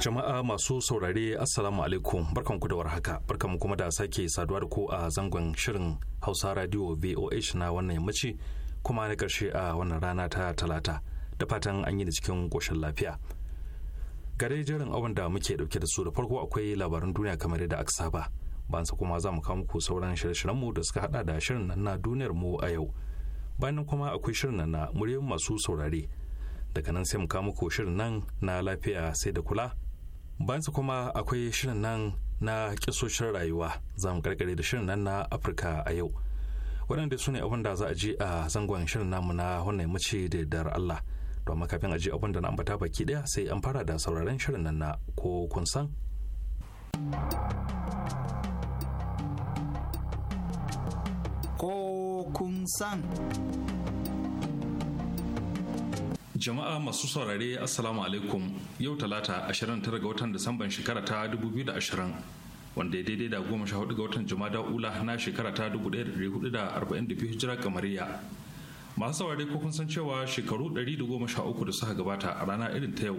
Jama'a masu saurare Assalamu alaikum barkanku da warhaka barkanmu kuma da sake saduwa da ku a zangon shirin Hausa Radio VOH na wannan yammaci kuma na karshe a wannan rana ta talata da fatan an yi da cikin ƙoshin lafiya. Gare jerin abin da muke dauke da su da farko akwai labaran duniya kamar yadda aka saba. Bansa kuma za mu kawo muku sauran shirye-shiryenmu da suka hada da shirin nan na duniyar mu a yau. Bayan kuma akwai shirin nan na muryoyin masu saurare. Daga nan sai mu kawo muku shirin nan na lafiya sai da kula bayansa kuma akwai shirin nan na kisoshin rayuwa za mu karkare da shirin nan na afirka a yau waɗanda su ne abin da za a ji a zangon shirin namu na wannan mace da dar allah domin kafin a ji abin da na ambata baki ɗaya sai an fara da sauraron shirin nan na ko kun san ko kun san Jama'a masu saurare Assalamu alaikum yau talata 29 ga watan Disamban shekara ta 2020 wanda ya daidai da 14 ga watan Jumada Ula na shekara ta 1442 hijira kamariya. Masu saurare ko kun san cewa shekaru 113 da suka gabata a rana irin ta yau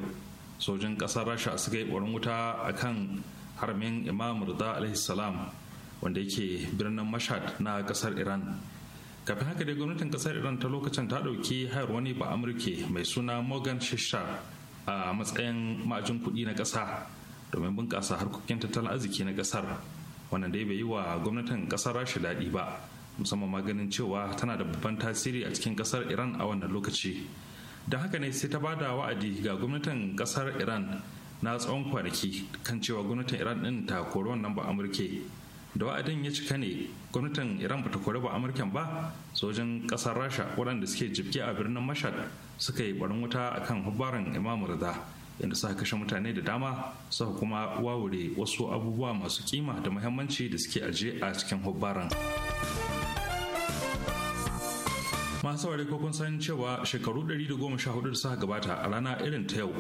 sojin ƙasar Rasha suka yi ƙwarin wuta a kan haramin Imam Rida alaihi salam wanda yake birnin Mashhad na ƙasar Iran. kafin haka dai gwamnatin kasar iran ta lokacin ta dauki hayar wani ba amurke mai suna morgan shishar a matsayin ma'ajin kudi na kasa domin bunkasa harkokin tattalin arziki na kasar wannan dai bai yi wa gwamnatin kasar rashi daɗi ba musamman maganin cewa tana da babban tasiri a cikin ƙasar iran a wannan lokaci don haka ne sai ta ba da wa'adi ga gwamnatin kasar iran na tsawon kwanaki kan cewa gwamnatin iran ɗin ta kori wannan ba amurke da wa'adin ya cika ne gwamnatin iran bata kori ba amurken ba sojin kasar rasha waɗanda suke jibge a birnin mashad suka yi barin wuta akan hubbaran imam rida inda suka kashe mutane da dama suka kuma wawure wasu abubuwa masu kima da muhimmanci da suke aje a cikin hubbaran masu saurari ko kun san cewa shekaru 114 da suka gabata a rana irin ta yau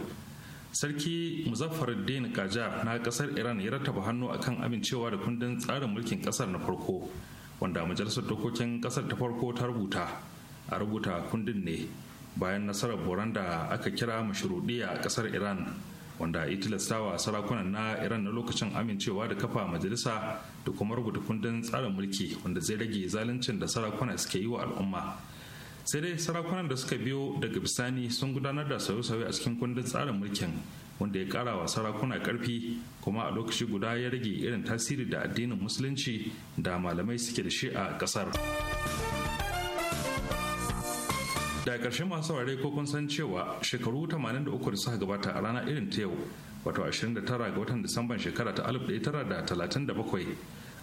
sarki muzaffaruddin kaja na kasar iran ya rattaba hannu akan amincewa da kundin tsarin mulkin kasar na farko wanda majalisar dokokin kasar ta farko ta rubuta a rubuta kundin ne bayan nasarar boran da aka kira mashuruɗi a kasar iran wanda ya tilastawa sarakunan na iran na lokacin amincewa da kafa majalisa da kuma rubuta kundin tsarin mulki wanda zai rage zaluncin da sarakuna suke yi wa al'umma sai dai sarakunan da suka biyo daga bisani sun gudanar da sauye-sauye a cikin kundin tsarin mulkin wanda ya kara wa sarakuna karfi kuma a lokaci guda ya rage irin tasiri da addinin musulunci da malamai suke da shi a kasar da ƙarshe masu saurare ko kun san cewa shekaru 83 da suka gabata a rana irin ta yau wato 29 ga watan disamban shekara ta 1937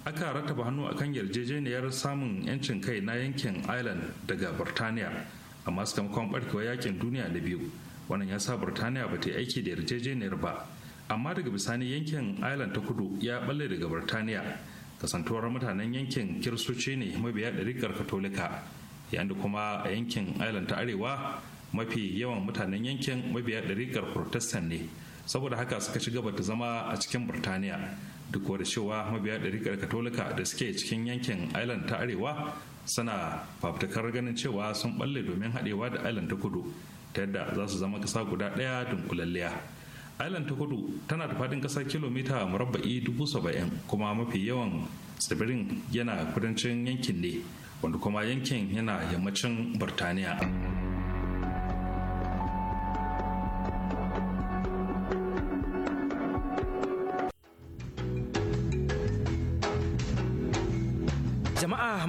aka rataba hannu akan yarjejeniyar samun 'yancin kai na yankin ireland daga birtaniya amma sakamakon barkewar yakin duniya na biyu wannan ya sa birtaniya ba ta yi aiki da yarjejeniyar ba amma daga bisani yankin ireland ta kudu ya balle daga birtaniya kasantuwar mutanen yankin kirsoci ne mabiya ɗarikar katolika yayin da kuma a yankin ireland ta arewa mafi yawan mutanen yankin mabiya ɗarikar protestant ne saboda haka suka ci gaba bata zama a cikin burtaniya duk da cewa mabiya ɗarikar katolika da suke cikin yankin island ta arewa suna fafutakar ganin cewa sun balle domin haɗewa da island ta kudu ta yadda za su zama kasa guda ɗaya dunkulalliya island ta kudu tana da faɗin ƙasa kilomita murabba'i dubu saba'in kuma mafi yawan tsibirin yana kudancin yankin ne wanda kuma yankin yana yammacin burtaniya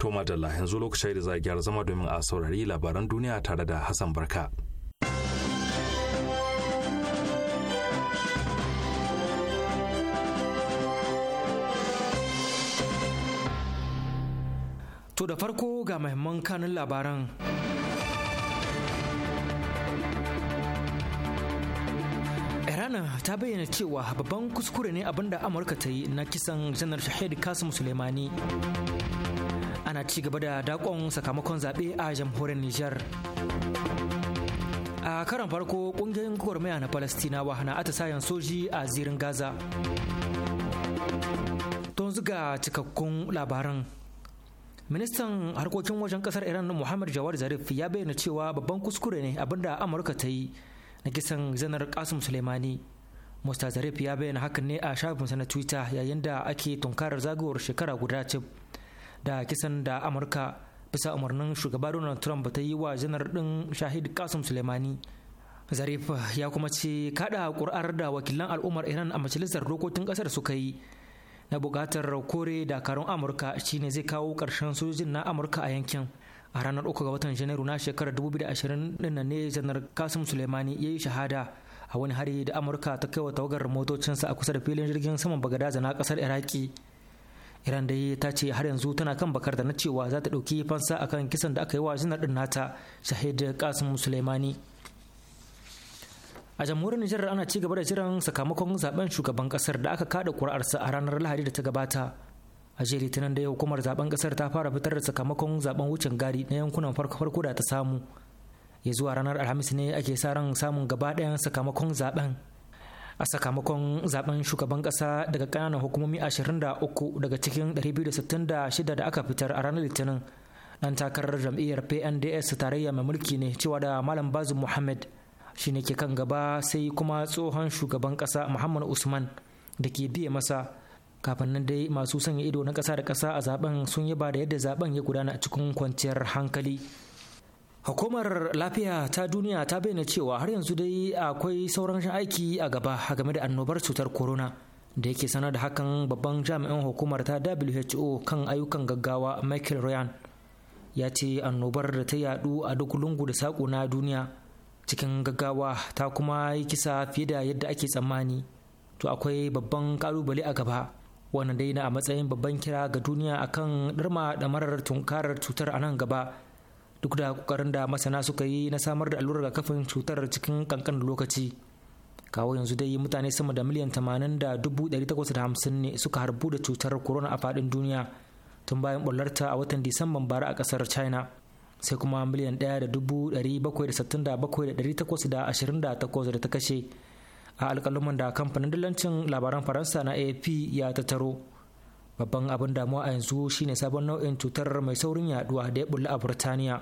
To madalla yanzu lokacin da za a gyara zama domin a saurari labaran duniya tare da Hassan Barka. To da farko ga mahimman kanun labaran. Ghana ta bayyana cewa babban kuskure ne abinda Amurka ta yi na kisan janar Shahid Kasim Suleimani. ana ci gaba da dakon sakamakon zaɓe a jamhuriyar Nijar. A karan farko ƙungiyoyin gwagwarmaya na Falastinawa na atisayen soji a zirin Gaza. Don zuga cikakkun labaran. Ministan harkokin wajen kasar Iran Muhammad Jawad Zarif ya bayyana cewa babban kuskure ne abinda Amurka ta yi na kisan zanar Qasim Suleimani. Musta Zarif ya bayyana hakan ne a shafinsa na Twitter yayin da ake tunkarar zagawar shekara guda cif da kisan da amurka bisa umarnin shugaba donald trump ta yi wa janar ɗin shahid kasim suleimani zarif ya kuma ce kada kur'ar da wakilan al'ummar iran a majalisar dokokin kasar suka yi na bukatar kore dakarun amurka shine zai kawo karshen sojojin na amurka a yankin a ranar uku ga watan janairu na shekarar 2020 dinnan ne janar kasim suleimani ya yi shahada a wani hari da amurka ta kai wa tawagar motocinsa a kusa da filin jirgin saman bagada zana kasar iraki iran dai ta ce har yanzu tana kan bakar da na cewa za ta ɗauki fansa akan kisan da aka yi wa janar ɗin nata shahid kasim sulaimani a jamhuriyar nijar ana ci gaba da jiran sakamakon zaben shugaban kasar da aka kada kuri'arsa a ranar lahadi da ta gabata a jiya litinin da hukumar zaben kasar ta fara fitar da sakamakon zaben wucin gari na yankunan farko da ta samu ya zuwa ranar alhamis ne ake sa ran samun gaba ɗayan sakamakon zaben a sakamakon zaben shugaban kasa daga kananan hukumomi 23 daga cikin 266 da aka fitar a ranar litinin dan takarar jam'iyyar pnds tarayya mai mulki ne cewa da malam bazu muhammad shi ne ke kan gaba sai kuma tsohon shugaban kasa muhammad usman da ke biye masa kafin nan dai masu sanya ido na kasa da kasa a zaben sun ba da yadda zaben ya gudana cikin kwanciyar hankali Hukumar lafiya ta duniya ta bayyana cewa har yanzu dai akwai sauran aiki a gaba game da annobar cutar corona da yake sanar da hakan babban jami'in hukumar ta WHO kan ayyukan gaggawa Michael Ryan ya ce annobar da ta yadu a duk lungu da saƙo na duniya cikin gaggawa ta kuma yi kisa fiye da yadda ake tsammani to akwai babban kalubale a gaba wannan dai na a matsayin babban kira ga duniya akan ɗirma ɗamarar tunkarar cutar a nan gaba duk da kokarin da masana suka yi na samar da allurar kafin cutar cikin kankan lokaci kawo yanzu dai mutane sama da miliyan tamanin da dubu ɗari takwas da hamsin ne suka harbu da cutar corona a faɗin duniya tun bayan ɓullarta a watan disamban bara a ƙasar china sai kuma miliyan ɗaya da dubu ɗari bakwai da sittin da bakwai da ɗari takwas da ashirin da takwas da ta kashe a alƙaluman da kamfanin dillancin labaran faransa na afp ya tattaro babban abin damuwa a yanzu shine sabon nau'in cutar mai saurin yaduwa da ya bulla a burtaniya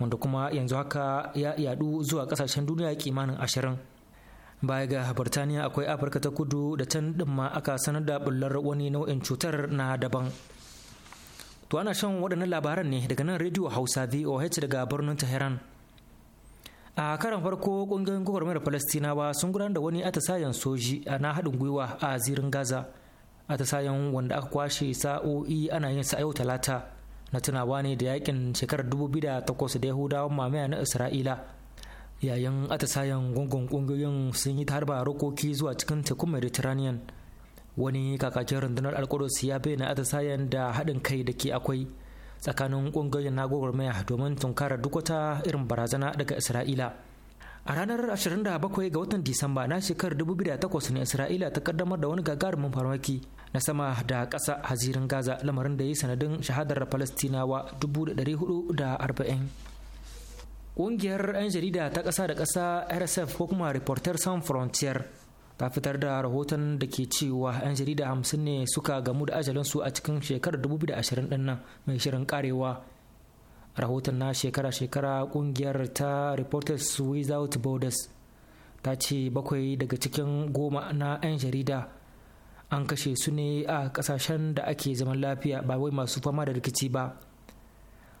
wanda kuma yanzu haka ya yadu zuwa kasashen duniya kimanin ashirin baya ga burtaniya akwai afirka ta kudu da can din ma aka sanar da bullar wani nau'in cutar na daban to ana shan waɗannan labaran ne daga nan rediyo hausa voh daga birnin tehran a karan farko ƙungiyoyin gwagwarmayar falastinawa sun gudanar da wani atisayen soji na haɗin gwiwa a zirin gaza atisayen wanda aka kwashe sa'o'i ana yin sa yau talata na tunawa ne da yakin shekarar 2008 da da yahudawan mamaya na isra'ila yayin atisayen gungun kungiyoyin sun yi ta harba rokoki zuwa cikin tekun mediterranean wani kakakin rundunar alkudus ya bayyana atisayen da haɗin kai da ke akwai tsakanin kungiyoyin na gwagwarmaya domin tunkarar duk wata irin barazana daga isra'ila a ranar 27 ga watan disamba na shekarar 2008 ne isra'ila ta kaddamar da wani gagarumin farmaki na sama da ƙasa hazirin gaza lamarin da ya yi sanadin shahadar falastinawa 440 Ƙungiyar 'yan jarida ta ƙasa da ƙasa rsf ko kuma reporter sans frontier ta fitar da rahoton da ke cewa 'yan jarida hamsin ne suka gamu da ajalinsu a cikin shekarar 2020 ɗin nan mai shirin karewa rahoton na shekara-shekara kungiyar ta reporters without borders ta ce bakwai daga cikin goma na 'yan jarida an kashe su ne a kasashen da ake zaman lafiya ba wai masu fama da rikici ba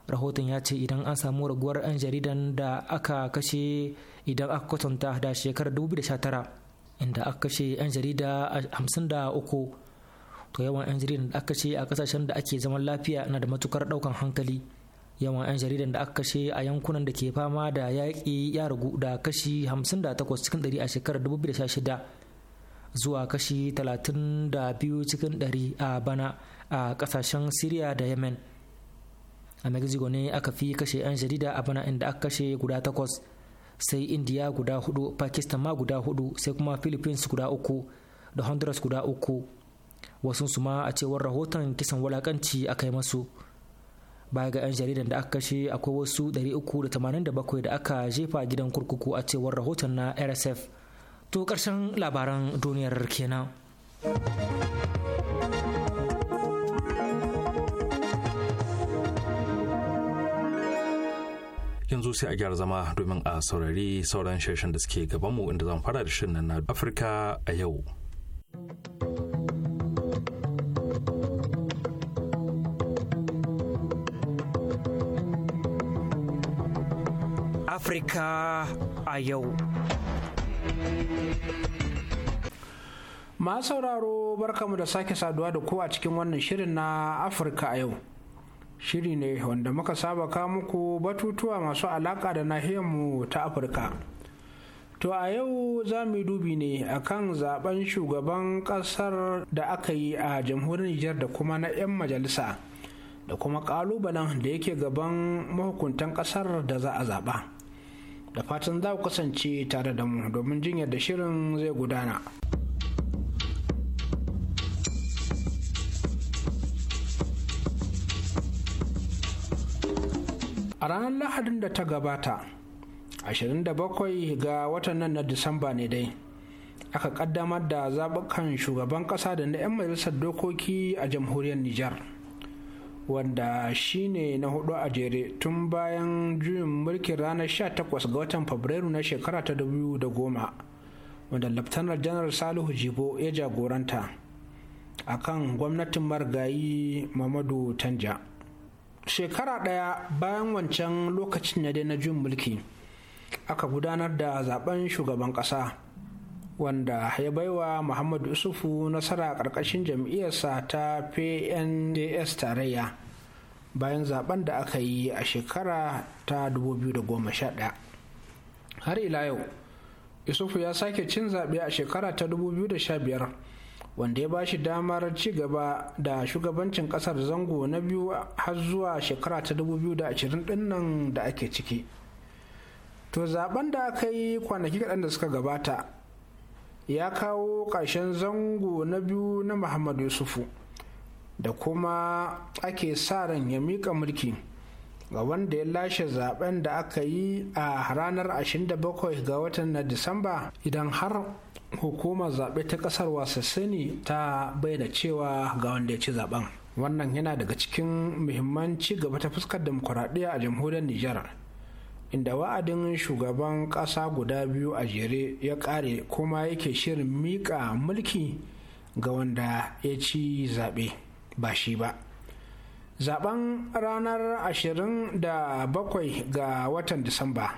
rahoton ya ce idan an samu raguwar 'yan jaridan da aka kashe idan aka kwatanta da shekarar 2019 inda aka kashe 'yan jarida a 53 to yawan 'yan jaridan da aka kashe a kasashen da ake zaman lafiya na da matukar daukan hankali yawan 'yan jaridan da aka kashe a yankunan da ke fama da yaƙi ya ragu da kashi 58 cikin 100 a shekarar 2016 zuwa kashi 32 cikin 100 a bana a ƙasashen syria da yemen a mexico ne aka fi kashe 'yan jarida a bana inda aka kashe guda 8 sai indiya guda 4 pakistan ma guda 4 sai kuma philippines guda 3 da honduras guda 3 wasu su ma a cewar rahoton kisan wulakanci a kai masu baya ga 'yan jaridan da aka kashe akwai wasu 387 da aka jefa gidan kurkuku a cewar rahoton na rsf to karshen labaran duniyar kenan yanzu sai a gyara zama domin a saurari sauran shirin da suke gabanmu inda zan fara da shirin na afirka a yau Afirka a yau. Ma sauraro barkamu da sake saduwa da kowa cikin wannan shirin na Afirka a yau. Shiri ne wanda muka saba ka muku batutuwa masu alaƙa da nahiyarmu ta Afirka. To a yau za mu dubi ne akan zaben shugaban ƙasar da aka yi a jamhuriyar Nijar da kuma na 'yan majalisa. da kuma kalubalen da yake gaban mahukuntan kasar da za a zaba. da fatan za ku kasance tare da mu domin jin yadda shirin zai gudana. A ranar Lahadin da ta gabata, 27 ga watan nan na Disamba ne dai, aka kaddamar da zaɓukan shugaban ƙasa da na 'yan majalisar dokoki a jamhuriyar Nijar. wanda shi ne na hudu a jere tun bayan juyin mulkin ranar 18 ga watan fabrairu na shekara ta da goma wanda laftanar janar salihu jibo ya jagoranta a kan gwamnatin margayi mamadu tanja shekara daya bayan wancan lokacin na na juyin mulki aka gudanar da zaben shugaban kasa wanda ya baiwa muhammad usufu nasara a ƙarƙashin jam'iyyarsa ta pnds tarayya bayan zaben da aka yi a shekara ta 2011 har ila yau usufu ya sake cin zaɓe a shekara ta 2015 wanda ya ba shi damar ci gaba da shugabancin ƙasar zango na biyu har zuwa shekara ta 2020 ɗinnan da ake ciki to zaben da aka yi kwanaki kaɗan da suka gabata ya kawo ƙarshen zango na biyu na muhammad yusufu da kuma ake sa ran ya miƙa mulki ga wanda ya lashe zaben da aka yi a ranar 27 ga watan na disamba idan har hukumar zaɓe ta ƙasar wasassini ta bayyana cewa ga wanda ya ci zaben wannan yana daga cikin muhimmanci gaba ta fuskar demokuraɗiyya a jamhuriyar nijar inda wa'adin shugaban ƙasa guda biyu a jere ya ƙare kuma yake shirin miƙa mulki ga wanda ya ci zaɓe ba shi ba zaben ranar 27 ga watan disamba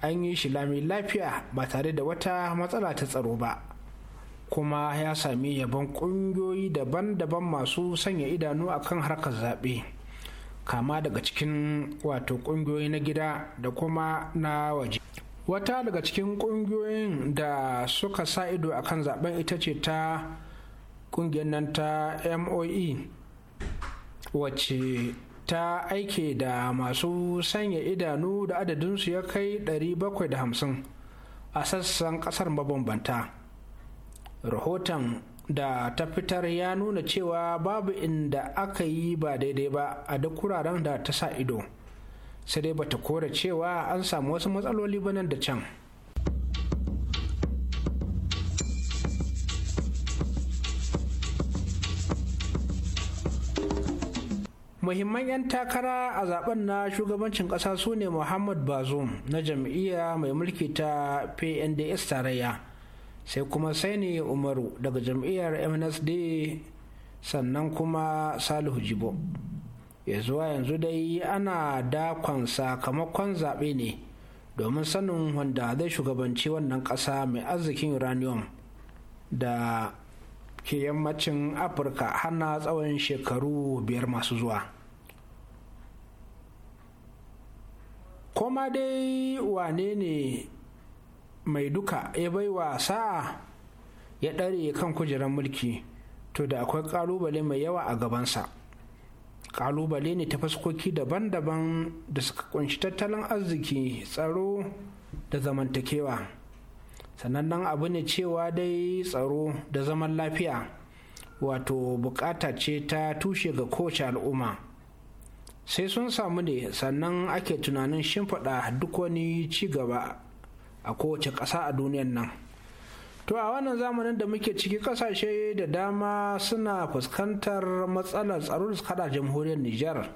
an yi shi lami lafiya ba tare da wata matsala ta tsaro ba kuma ya sami yabon ƙungiyoyi daban-daban masu sanya idanu akan harkar zaɓe kama daga cikin wato kungiyoyi na gida da kuma na waje wata daga cikin kungiyoyin da suka sa ido a kan zaben ita ce ta kungiyar nan ta moe wacce ta aike da masu sanya idanu da adadinsu ya kai 750 a sassan kasar mabambanta rahoton da ta fitar ya nuna cewa babu inda aka yi ba daidai ba a duk wuraren da ta sa ido sai dai bata kora cewa an samu wasu matsaloli ba nan da can muhimman 'yan takara a zaben na shugabancin kasa su ne muhammad bazoum na jam'iyya mai mulki ta pnds tarayya sai kuma ne umaru daga jam'iyyar msd sannan kuma salihu jibo ya zuwa yanzu dai ana dakon sakamakon zaɓe ne domin sanin wanda zai shugabanci wannan ƙasa mai arzikin uranium da ke yammacin afirka hana tsawon shekaru biyar masu zuwa koma dai wane ne mai duka ya bai wa sa'a ya ɗare kan kujerar mulki to da akwai ƙalubale mai yawa a gabansa ƙalubale ne ta faskoki daban-daban da suka kunshi tattalin arziki tsaro da zamantakewa sannan nan abu ne cewa dai tsaro da zaman lafiya wato bukata ce ta tushe ga kowace al'umma sai sun samu ne sannan ake tunanin shimfiɗa duk wani ci gaba a kowace ƙasa a duniyan nan to a wannan zamanin da muke ciki ƙasashe da dama suna fuskantar matsalar tsaro da suka jamhuriyar nijar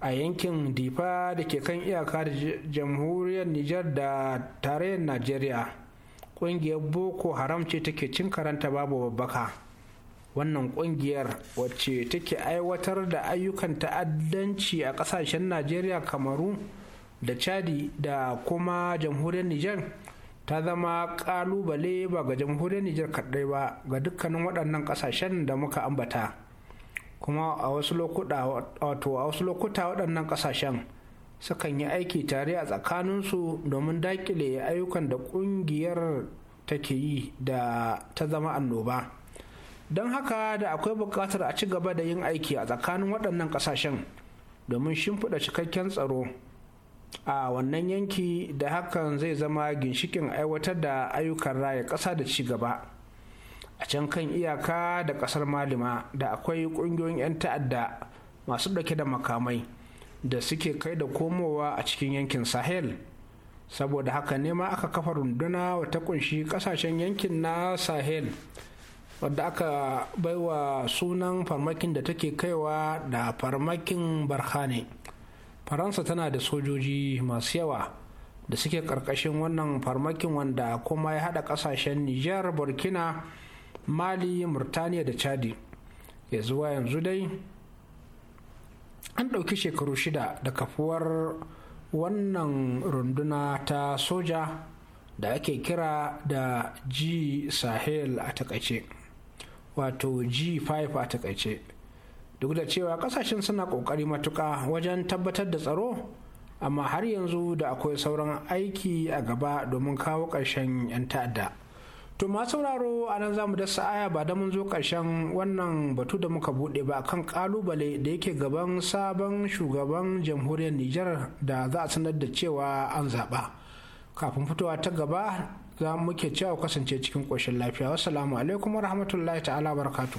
a yankin difa da ke kan iyaka da jamhuriyar nijar da tarayyar najeriya ƙungiyar boko haram ce take cin karanta babu babbaka wannan kungiyar wacce take aiwatar da ayyukan ta'addanci a ƙasashen najeriya kamaru da chadi da kuma jamhuriyar niger ta zama kalubale ba ga jamhuriyar niger kadai ba ga dukkanin waɗannan ƙasashen da muka ambata kuma a wasu lokuta waɗannan ƙasashen sukan yi aiki tare a tsakaninsu domin dakile ayyukan da ƙungiyar take yi da ta zama annoba don haka da akwai buƙatar a ci gaba da yin aiki a tsakanin waɗannan ƙasashen domin shimfiɗa cikakken tsaro a wannan yanki da hakan zai zama ginshikin aiwatar da ayyukan raya ƙasa da ci gaba a can kan iyaka da ƙasar malima da akwai ƙungiyoyin 'yan ta'adda masu ɗauke da makamai da suke kai da komowa a cikin yankin sahel saboda haka ne ma aka kafa runduna wata kunshi kasashen yankin na sahel wadda aka baiwa sunan farmakin da take kaiwa da farmakin barkhane faransa tana da sojoji masu yawa da suke karkashin wannan farmakin wanda kuma ya hada kasashen niger burkina mali murtaniya da chadi ya zuwa yanzu dai an ɗauki shekaru shida da kafuwar wannan runduna ta soja da ake kira da g sahel a takaice wato g5 a takaice duk da cewa kasashen suna kokari matuka wajen tabbatar da tsaro amma har yanzu da akwai sauran aiki a gaba domin kawo ƙarshen 'yan ta'adda to ma sauraro a nan za mu da sa'aya ba da mun zo ƙarshen wannan batu da muka buɗe ba kan ƙalubale da yake gaban sabon shugaban jamhuriyar nijar da za a sanar da cewa an zaɓa kafin fitowa ta gaba za mu ke cewa kasance cikin ƙoshin lafiya wassalamu alaikum warahmatullahi ta'ala barakatu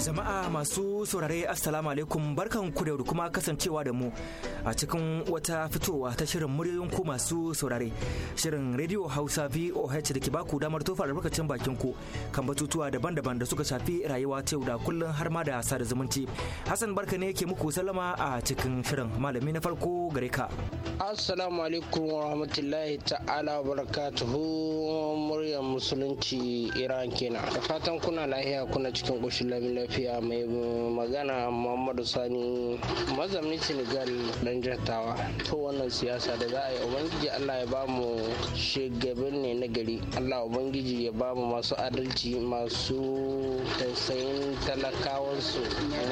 Jama'a masu saurare Assalamu alaikum barkan ku da kuma kasancewa da mu a cikin wata fitowa ta shirin muryoyin ku masu saurare. Shirin Radio Hausa VOH da ke baku damar tofa albarkacin bakin ku kan batutuwa daban-daban da suka shafi rayuwa ta yau da kullum har ma da sada zumunci. Hassan barka ne ke muku sallama a cikin shirin malami na farko gare ka. Assalamu alaikum wa rahmatullahi ta'ala wa barakatuhu muryar musulunci Iran kenan. Da fatan kuna lahiya kuna cikin goshin lamin lafiya mai magana muhammadu sani mazamni senegal dan jartawa to wannan siyasa da za a yi ubangiji allah ya ba mu shugaban ne na gari allah ubangiji ya ba mu masu adalci masu tausayin talakawansu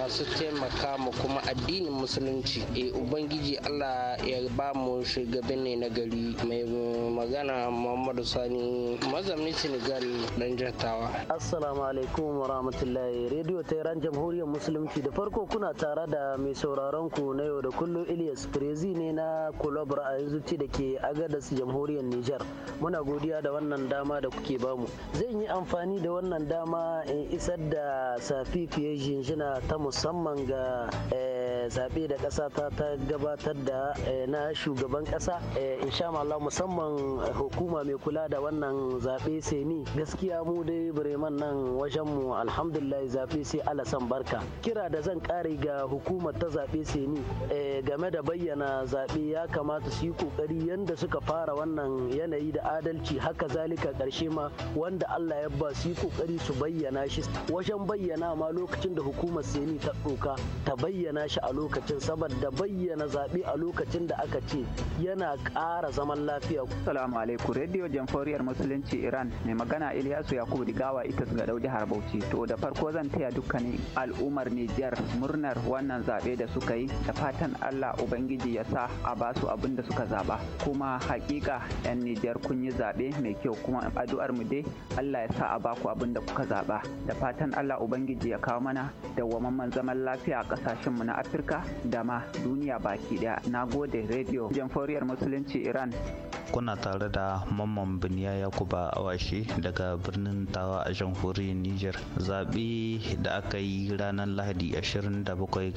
masu taimaka mu kuma addinin musulunci e ubangiji allah ya ba mu shugaban ne na gari mai magana muhammadu sani mazamni senegal dan jartawa assalamu alaikum wa rahmatullahi radio tehran jamhuriyar musulunci da farko kuna tare da mai sauraron ku na yau da kullum ilyas prezi ne na kulabar a yanzu da ke agadas jamhuriyar nijar muna godiya da wannan dama da kuke bamu zan yi amfani da wannan dama in isar da fiye jinjina ta musamman ga eh, zaɓe da ƙasa ta ta gabatar da eh, na shugaban ƙasa eh, insha Allah musamman hukuma mai kula da wannan zaɓe seni gaskiya mu dai bireman nan wajen mu alhamdulillah zaɓe sai alasan barka kira da zan kare ga hukumar ta zaɓe seni eh, game da bayyana zaɓe ya kamata su yi ƙoƙari yadda suka fara wannan yanayi da adalci haka zalika ƙarshe ma wanda allah ya ba su yi ƙoƙari su bayyana shi wajen bayyana ma lokacin da hukumar seni ta ɗoka ta bayyana shi a lokacin saboda bayyana zaɓe a lokacin da aka ce yana ƙara zaman lafiya. Salamu alaikum Radio Jamhuriyar Musulunci Iran mai magana Ilyasu Yakubu Digawa Itas ga jihar Bauchi to da farko zan taya dukkanin al'ummar Nijar murnar wannan zaɓe da suka yi da fatan Allah Ubangiji ya sa a ba su abin da suka zaɓa. Kuma hakika 'yan Nijar kun yi zaɓe mai kyau kuma addu'ar mu dai Allah ya sa a ba ku abin da kuka zaɓa. Da fatan Allah Ubangiji ya kawo mana dawwamamman zaman lafiya a ƙasashen mu na Afirka da ma duniya baki ɗaya. Na gode Radio Jamhuriyar Musulunci Iran kuna tare da mamman biniya yakuba awashi daga birnin tawa a jamhuriyar niger zaɓe da aka yi ranar lahadi 27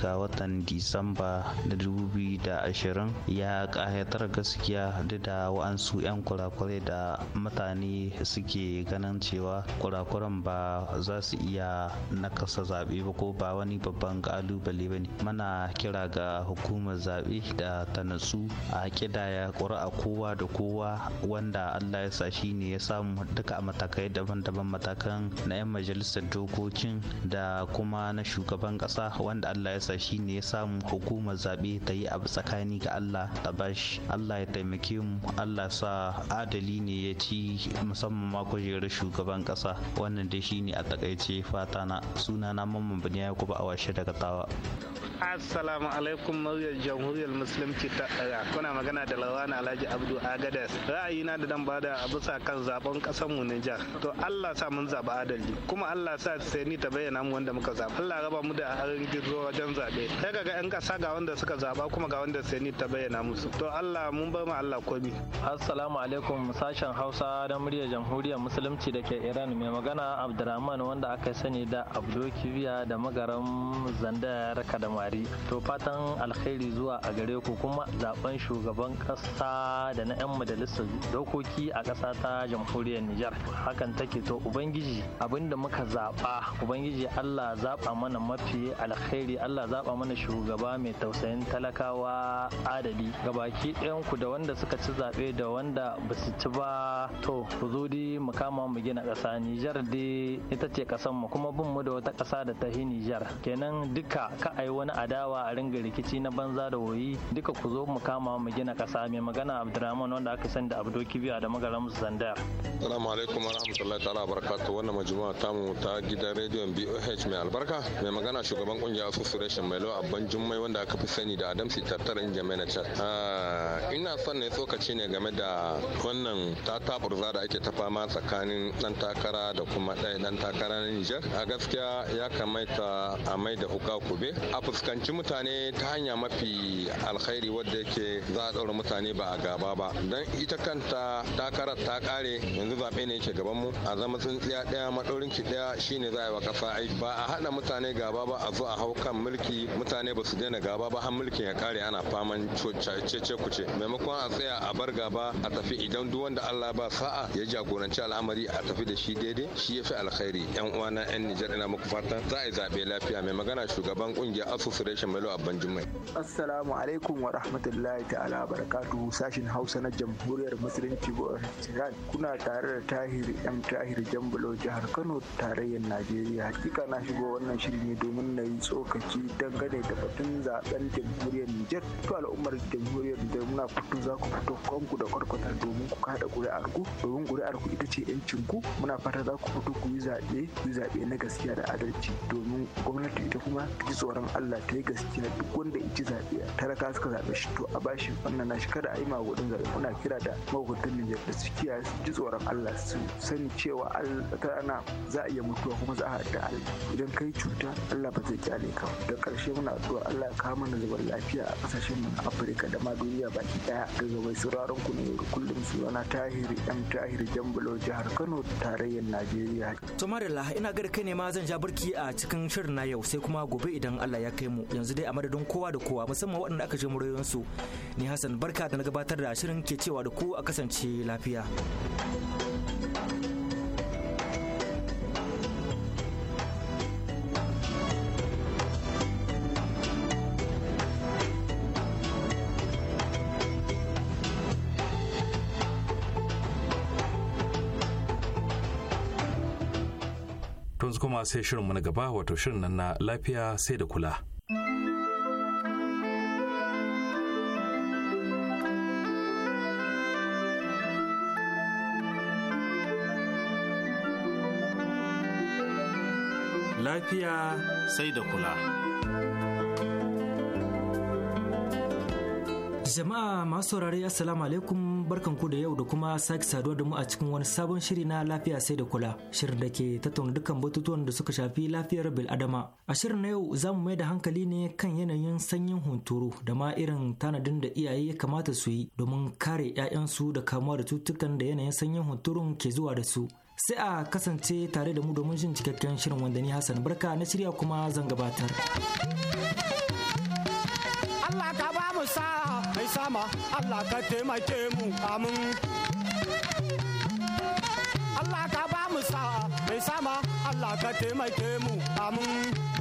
ga watan disamba da 2020 ya ƙayatar gaskiya duk da wa'ansu 'yan kurakurai da mutane suke ganin cewa kurakuran ba za su iya nakasa zaɓe ba ko ba wani babban ƙalubale ba ne mana kira ga hukumar zaɓe da ta natsu a ƙidaya ƙuri'a kowa da kowa kowa wanda allah ya sa shi ne ya samu duka a matakai daban-daban matakan na 'yan majalisar dokokin da kuma na shugaban kasa wanda allah ya sa shi ne ya samu hukumar zaɓe ta yi abu tsakani ga allah ta bashi allah ya taimake mu allah sa adali ne ya ci musamman ma kujerar shugaban kasa wannan dai shi ne a takaice fata na suna na mamman bani ya kuma a washe daga tawa assalamu alaikum muryar jamhuriyar musulunci ta kuna magana da lawana alhaji abdu aga Agadez ra'ayina da dan bada a bisa kan zaben kasar mu Niger to Allah sa mun zaba adalci kuma Allah sa sai ni ta bayyana mu wanda muka zaba Allah raba mu da harin gizo wajen zabe sai kaga yan kasa ga wanda suka zaba kuma ga wanda sai ni ta bayyana musu to Allah mun bar mu Allah komi assalamu alaikum sashen Hausa da muryar jamhuriyar musulunci da ke Iran mai magana Abdurrahman wanda aka sani da Abdul Kibiya da magaran Zandar Kadamari to fatan alkhairi zuwa a gare ku kuma zaben shugaban kasa da na 'yan 'yan majalisar dokoki a ƙasa ta jamhuriyar Nijar. Hakan take to Ubangiji abinda muka zaɓa Ubangiji Allah zaɓa mana mafi alkhairi Allah zaɓa mana shugaba mai tausayin talakawa adali gabaki ku da wanda suka ci zaɓe da wanda ba su ci ba to ku zo di mu kama mu gina ƙasa Nijar dai ita ce ƙasar mu kuma bin mu da wata ƙasa da ta hi Nijar kenan duka ka ai wani adawa a ringa rikici na banza da woyi duka ku zo mu kama mu gina ƙasa mai magana Abdurrahman wanda aka sani da abdo kibiya da musu zandar Salamu alaikum warahmatullahi ta'ala ta wannan ta mu ta gidan rediyon BOH mai albarka mai magana shugaban kungiyar association mai lawa abban jummai wanda aka fi sani da adamsi tattarin jami'ai na chat ah, ina son ne tsokaci ne game da wannan ta tataburza da ake ta fama tsakanin dan takara da kuma ɗaya dan takara na Nijar a gaskiya ya kamata a mai da huka kube a fuskanci mutane ta hanya mafi alkhairi wadda yake za a ɗaura mutane ba a gaba ba dan ita kanta takarar ta kare yanzu zaɓe ne yake gaban mu a zama tsintsiya ɗaya maɗaurin ki ɗaya shine za a yi wa ƙasa ba a haɗa mutane gaba ba a zo a hau kan mulki mutane ba su daina gaba ba har mulkin ya kare ana faman cece kuce maimakon a tsaya a bar gaba a tafi idan duk wanda Allah ba sa'a ya jagoranci al'amari a tafi da shi daidai shi ya fi alkhairi yan uwana yan Nijar ina muku fata za a yi zaɓe lafiya mai magana shugaban kungiyar Association Bello Abban Jummai assalamu alaikum wa rahmatullahi ta'ala barakatuhu sashin Hausa na jamhuriyar musulunci Iran kuna tare da Tahir M Tahir Jambulo jihar Kano tarayyar Najeriya hakika na shigo wannan shiri ne domin na yi tsokaci dangane da batun zaben jamhuriyar Nijar to al'ummar jamhuriyar Nijar muna fito za ku fito kanku da kwarkwata domin ku kada ƙuri'ar ku domin ƙuri'ar ku ita ce yancin ku muna fata za ku fito ku yi zaɓe ku yi zaɓe na gaskiya da adalci domin gwamnati ita kuma ta ji tsoron Allah ta yi gaskiya duk wanda ya ci zaɓe talaka suka zaɓe shi to a bashi wannan na shi kada a yi magudin zaɓe kuna kira da mahukuntan Nijar da su kiya ji tsoron Allah su sani cewa ana za a iya mutuwa kuma za a da Allah idan kai cuta Allah ba zai kyale ka da karshe muna zuwa Allah ya kama na zubar lafiya a kasashen mu na Afirka da ma duniya baki daya daga mai sauraron ku ne kullum na Tahiri dan Tahiri Jambulo jihar Kano tarayyar Najeriya. To Marilla ina ga kai ne ma zan ja barki a cikin shirin na yau sai kuma gobe idan Allah ya kai mu yanzu dai a madadin kowa da kowa musamman waɗanda aka je su ni Hassan barka da na gabatar da shirin ke cewa da ku a kasance lafiya. yanzu kuma sai shirinmu na gaba wato shirin nan na lafiya sai da kula. lafiya sai da kula. Jama'a masu saurare Assalamu alaikum barkanku da yau da kuma sake saduwa da mu a cikin wani sabon shiri na lafiya sai da kula shirin da ke tattauna dukkan batutuwan da suka shafi lafiyar bil'adama. A shirin na yau za mu mai da hankali ne kan yanayin sanyin hunturu da ma irin tanadin da iyaye ya kamata su yi domin kare 'ya'yansu da kamuwa da cututtukan da yanayin sanyin hunturun ke zuwa da su. sai a kasance tare da mu domin jin cikakken shirin wanda ni Hassan Barka na shirya kuma zan gabatar. Allah ka ba mu sa mai sama Allah ka taimake mu amin. Allah ka ba mu sa mai sama Allah ka taimake mu amin.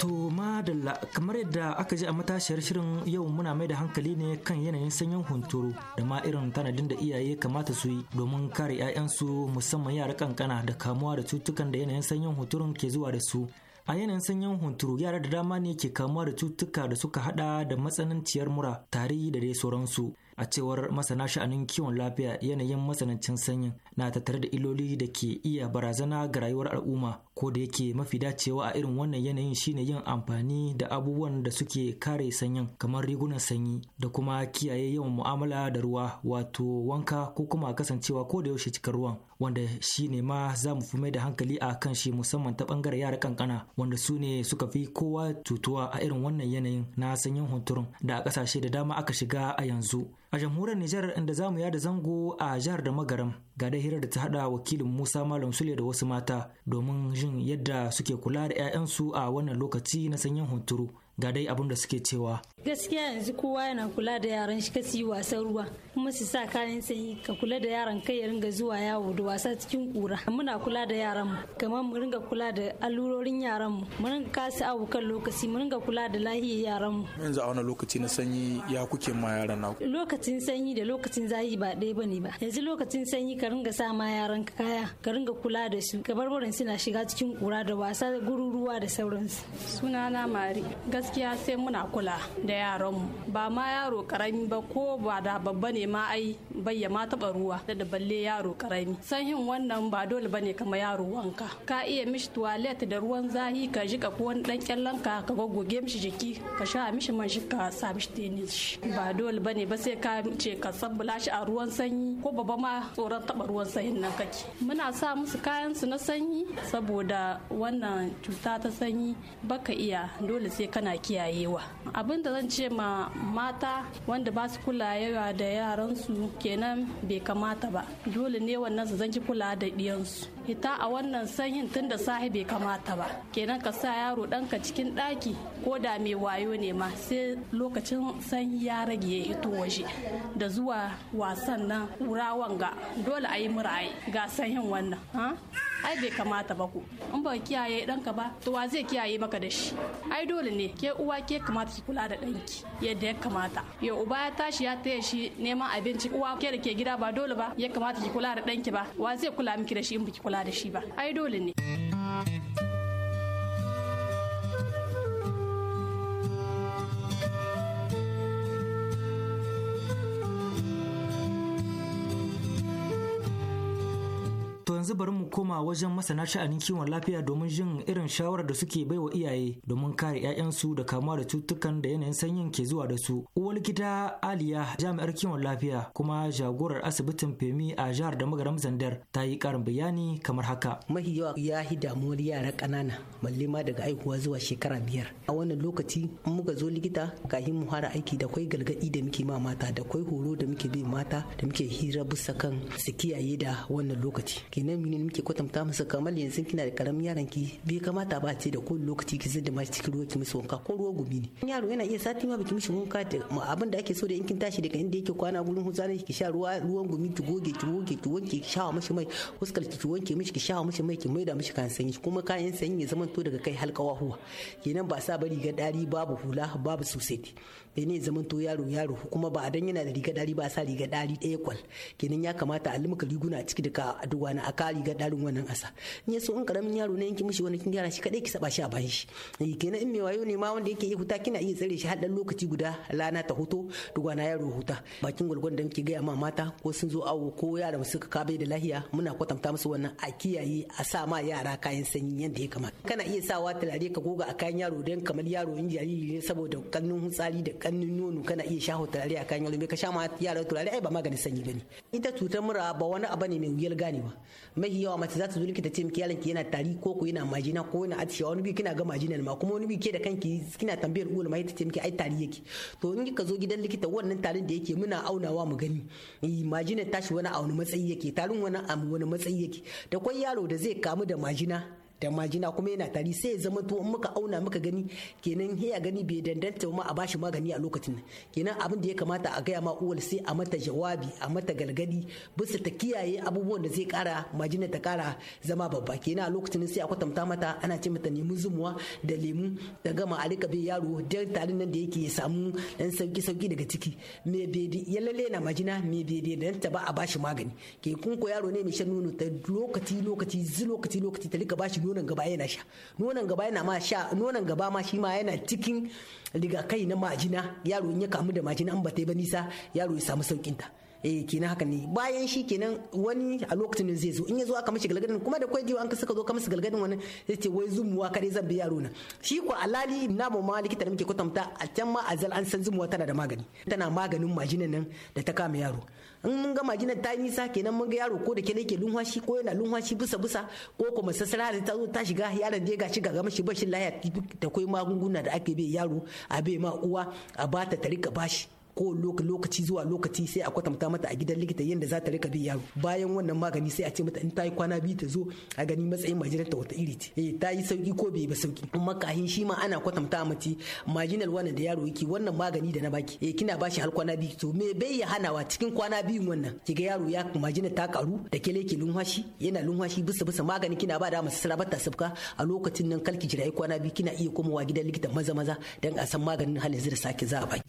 To madalla kamar yadda aka ji a matashiyar shirin yau muna mai da hankali ne kan yanayin sanyin hunturu da ma irin tanadin da iyaye kamata su yi domin kare 'ya'yansu musamman yara kankana da kamuwa da cutukan da yanayin sanyin hunturun ke zuwa da su. A yanayin sanyin hunturu yara da dama ne ke kamuwa da cutuka da suka hada da matsananciyar mura tari da dai sauransu. a cewar masana sha'anin kiwon lafiya yanayin matsanancin sanyin na tattare da iloli da ke iya barazana ga rayuwar al'umma ko da yake mafi dacewa a irin wannan yanayin shine yin amfani da abubuwan da suke kare sanyin kamar rigunan sanyi da kuma kiyaye yawan mu'amala da ruwa wato wanka ko kuma kasancewa ko da yaushe cikin ruwan wanda shi ne ma za mu fi mai da hankali a kan shi musamman ta bangare yara kankana wanda su ne suka fi kowa tutuwa a irin wannan yanayin na sanyin hunturun da a kasashe da dama aka shiga a yanzu a jamhuriyar Nijar inda zamu yada zango a jihar da magaram ga da hirar da ta hada wakilin Musa Malam Sule da wasu mata domin jin yadda suke kula da 'ya'yansu a wannan lokaci na sanyin hunturu ga dai abin da suke cewa gaskiya yanzu kowa yana kula da yaran shi kasi wasan ruwa kuma su sa kayan sanyi ka kula da yaran kai ya ringa zuwa yawo da wasa cikin kura muna kula da yaran mu kamar mu ringa kula da allurorin yaran mu mu ringa kasu abu kan lokaci mu ringa kula da lahiyar yaran mu yanzu a wani lokaci na sanyi ya kuke ma yaran na. lokacin sanyi da lokacin zafi ba ɗaya bane ba yanzu lokacin sanyi ka ringa sa ma yaran kaya ka ringa kula da su ka barbarin suna shiga cikin kura da wasa da gururuwa da sauransu sunana mari gaskiya sai muna kula da yaranmu ba ma yaro karami ba ko ba da babba ne ma ai bayya ma taba ruwa da da balle yaro karami sahin wannan ba dole bane kama yaro wanka ka iya mishi toilet da ruwan zahi ka jika ko wani dan kyallan ka ka goggoge mishi jiki ka sha mishi man shi ka sa mishi tennis ba dole bane ba sai ka ce ka sabbula shi a ruwan sanyi ko baba ma tsoron taba ruwan sanyin nan kake muna sa musu kayan su na sanyi saboda wannan cuta ta sanyi baka iya dole sai kana suna kiyayewa abin da zan ce ma mata wanda ba su yawa da yaransu kenan bai kamata ba dole ne wannan su zanki kula da su hita a wannan sanyin tun da sahi bai kamata ba kenan ka sa yaro ɗanka cikin ɗaki ko da mai wayo ne ma sai lokacin sanyi ya rage ya hito waje da zuwa wasan nan urawan ga dole a yi murayi ga sanyin wannan ai bai kamata ba ku in ba kiyaye ɗanka ba to wa zai kiyaye maka da shi ai dole ne ke uwa ke kamata ki kula da ɗanki yadda ya kamata ya uba ya tashi ya taya shi neman abinci uwa ke da ke gida ba dole ba ya kamata ki kula da ɗanki ba wa zai kula miki da shi in ba ki kula da shi ba ai dole ne yanzu bari mu koma wajen masana sha'anin kiwon lafiya domin jin irin shawarar da suke baiwa iyaye domin kare 'ya'yansu da kamuwa da cututtukan da yanayin sanyin ke zuwa da su. Uwar likita Aliya jami'ar kiwon lafiya kuma jagorar asibitin Femi a jihar da magaram Zandar ta yi karin bayani kamar haka. Mahi yawa ya yi damuwar yara ƙanana mallima daga aihuwa zuwa shekara biyar. A wannan lokaci in muka zo likita kafin mu fara aiki da kwai galgadi da muke ma mata da kwai horo da muke bi mata da muke hira bisa kan su kiyaye da wannan lokaci. Kenan kenan mini muke kwatanta masa kamar yanzu kina da karamin yaron ki bai kamata ba ce da kowane lokaci ki zai da mashi cikin ruwa ki musu wanka ko ruwa gumi ne yaro yana iya sati ma baki mishi wanka da abin da ake so da in kin tashi daga inda yake kwana gurin zanen ki sha ruwa ruwan gumi ki goge ki goge ki wanke ki shawa mashi mai fuskar ki wanke mishi ki shawa mashi mai ki maida mishi kan sanyi kuma kayan sanyi ya zama to daga kai halkawa huwa kenan ba sa bari ga dari babu hula babu sosai bai ne zaman to yaro yaro kuma ba dan yana da riga dari ba sa riga dari ɗaya kwal kenan ya kamata a limka riguna a ciki duka a duk wani a ka riga darin wannan asa in ya so in karamin yaro ne yanki mishi wani kin gyara shi kadai ki saba shi a bayan shi eh, kenan in mai wayo ne ma wanda yake iya huta kina iya tsare shi har dan lokaci guda lana ta huto duk wani yaro huta bakin gwalgwan da muke gaya ma mata ko sun zo awo ko yara ka kabe da lahiya muna kwatanta musu wannan a kiyaye a sa ma yara kayan sanyi yadda ya kamata kana iya sawa turare ka goga a kayan yaro don kamar yaro in jariri ne saboda kallon tsari da kannin nono kana iya shaho turare a kan yaro ka sha ma yara turare ai ba maganin sanyi bane ita cutar mura ba wani abu ne mai wuyar ganewa mafi yawa mace za ta zo likita ce miki yaron ki yana tari ko ko yana majina ko yana atishe wani bi kina ga majina ma kuma wani bi ke da kanki kina tambayar uwar ma ita ce miki ai tari yake to in ka zo gidan likita wannan tarin da yake muna aunawa mu gani eh, majina tashi wani a wani matsayi yake tarin wani a wani matsayi yake da kwai yaro da zai kamu da majina da majina kuma yana tari sai ya zama to muka auna muka gani kenan ya gani bai dandanta ma a bashi magani a lokacin kenan abin da ya kamata a gaya ma uwar sai a mata jawabi a mata galgadi bisa ta kiyaye abubuwan da zai kara majina ta kara zama babba kenan a lokacin sai a kwatanta mata ana ce mata nemi zumuwa da lemu da gama a rika bai yaro dan tarin nan da yake ya samu dan sauki sauki daga ciki me bai ya lalle na majina me bai dandanta ba a bashi magani ke kun ko yaro ne mai shan nono ta lokaci lokaci zu lokaci lokaci ta rika bashi nonon gaba yana sha nonon gaba yana ma sha nonon gaba ma shi ma yana cikin rigakai na majina yaro in ya kamu da majina an ba ta yi ba nisa yaro ya samu saukin ta eh kenan haka ne bayan shi kenan wani a lokacin da zai zo in ya zo aka mishi galgadin kuma da kwai jiwa an ka zo ka mishi galgadin wani zai ce wai zumuwa kare zan bi yaro na shi ko alali na mu ma likita da muke kwatanta a can ma azal an san zumuwa tana da magani tana maganin majinan nan da ta kama yaro in mun gama gina ta nisa kenan mun ga yaro ko da kene ke lunwashi ko yana lunwashi bisa bisa ko kuma sassara da ta zo ta shiga yaron da ya gashi ga shi bashin lahiya ta koyi magunguna da ake bai yaro a bai ma uwa a bata ta rika bashi ko lokaci zuwa lokaci sai a kwatanta mata a gidan likita yadda za ta rika bi yaro bayan wannan magani sai a ce mata in ta yi kwana biyu ta zo a gani matsayin majinar ta wata iri ce eh ta yi sauki ko bai ba sauki kuma kahin shi ma ana kwatanta a mace majinal wannan da yaro yake wannan magani da na baki eh kina ba shi har kwana biyu to me bai ya hanawa cikin kwana biyun wannan ga yaro ya majinar ta karu da kele ke lunwashi yana lunwashi bisa bisa magani kina ba da masa sarabar ta sabka a lokacin nan kalki jira kwana biyu kina iya komawa gidan likita maza maza dan a san maganin halin zira sake za a baki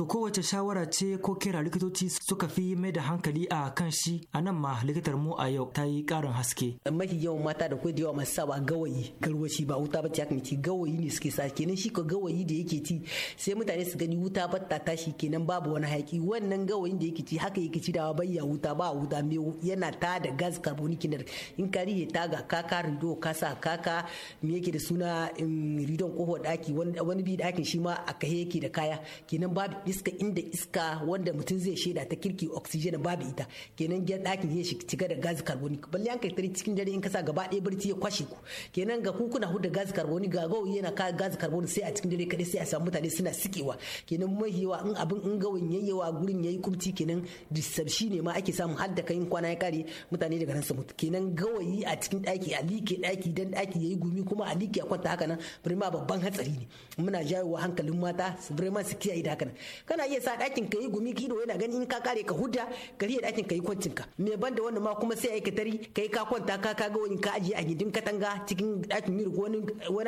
To kowace shawara ce ko kira likitoci suka fi mai da hankali a kan shi a nan ma likitar mu a yau ta yi karin haske. Mafi yawan mata da kwai da yawa masu sawa gawayi garwashi ba wuta bace haka ci gawayi ne suke sa kenan shi ko gawayi da yake ci sai mutane su gani wuta ta tashi kenan babu wani haƙi wannan gawayin da yake ci haka yake ci dawa bayya wuta ba wuta me yana ta da gas carbonic ne in ka rihe ta ga kaka rido kasa kaka me yake da suna ridon koho daki wani bi dakin shi ma a yake da kaya kenan babu iska inda iska wanda mutum zai shaida ta kirki oxygen babu ita kenan gidan ɗakin ya shiga da gas carbonic balle an kai cikin dare in kasa gaba ɗaya barci ya kwashe ku kenan ga ku kuna huda gas carbonic ga gawo yana ka gas carbonic sai a cikin dare kada sai a samu mutane suna sikewa kenan mahiwa in abin in gawayin yayyawa gurin yayi kumci kenan disabshi ne ma ake samu har da kai kwana ya kare mutane daga nan su mutu kenan gawayi a cikin ɗaki a like daki dan ɗaki yayi gumi kuma a like a kwanta haka nan birma babban hatsari ne muna jawowa hankalin mata su birma su kiyaye da haka kana iya sa ɗakin ka yi gumi ki yana gani in ka kare ka hudda ka riya ɗakin ka yi kwancin ka me banda wannan ma kuma sai ka tari ka yi ka kwanta ka ga wani ka ajiye a gindin katanga cikin ɗakin miri ko wani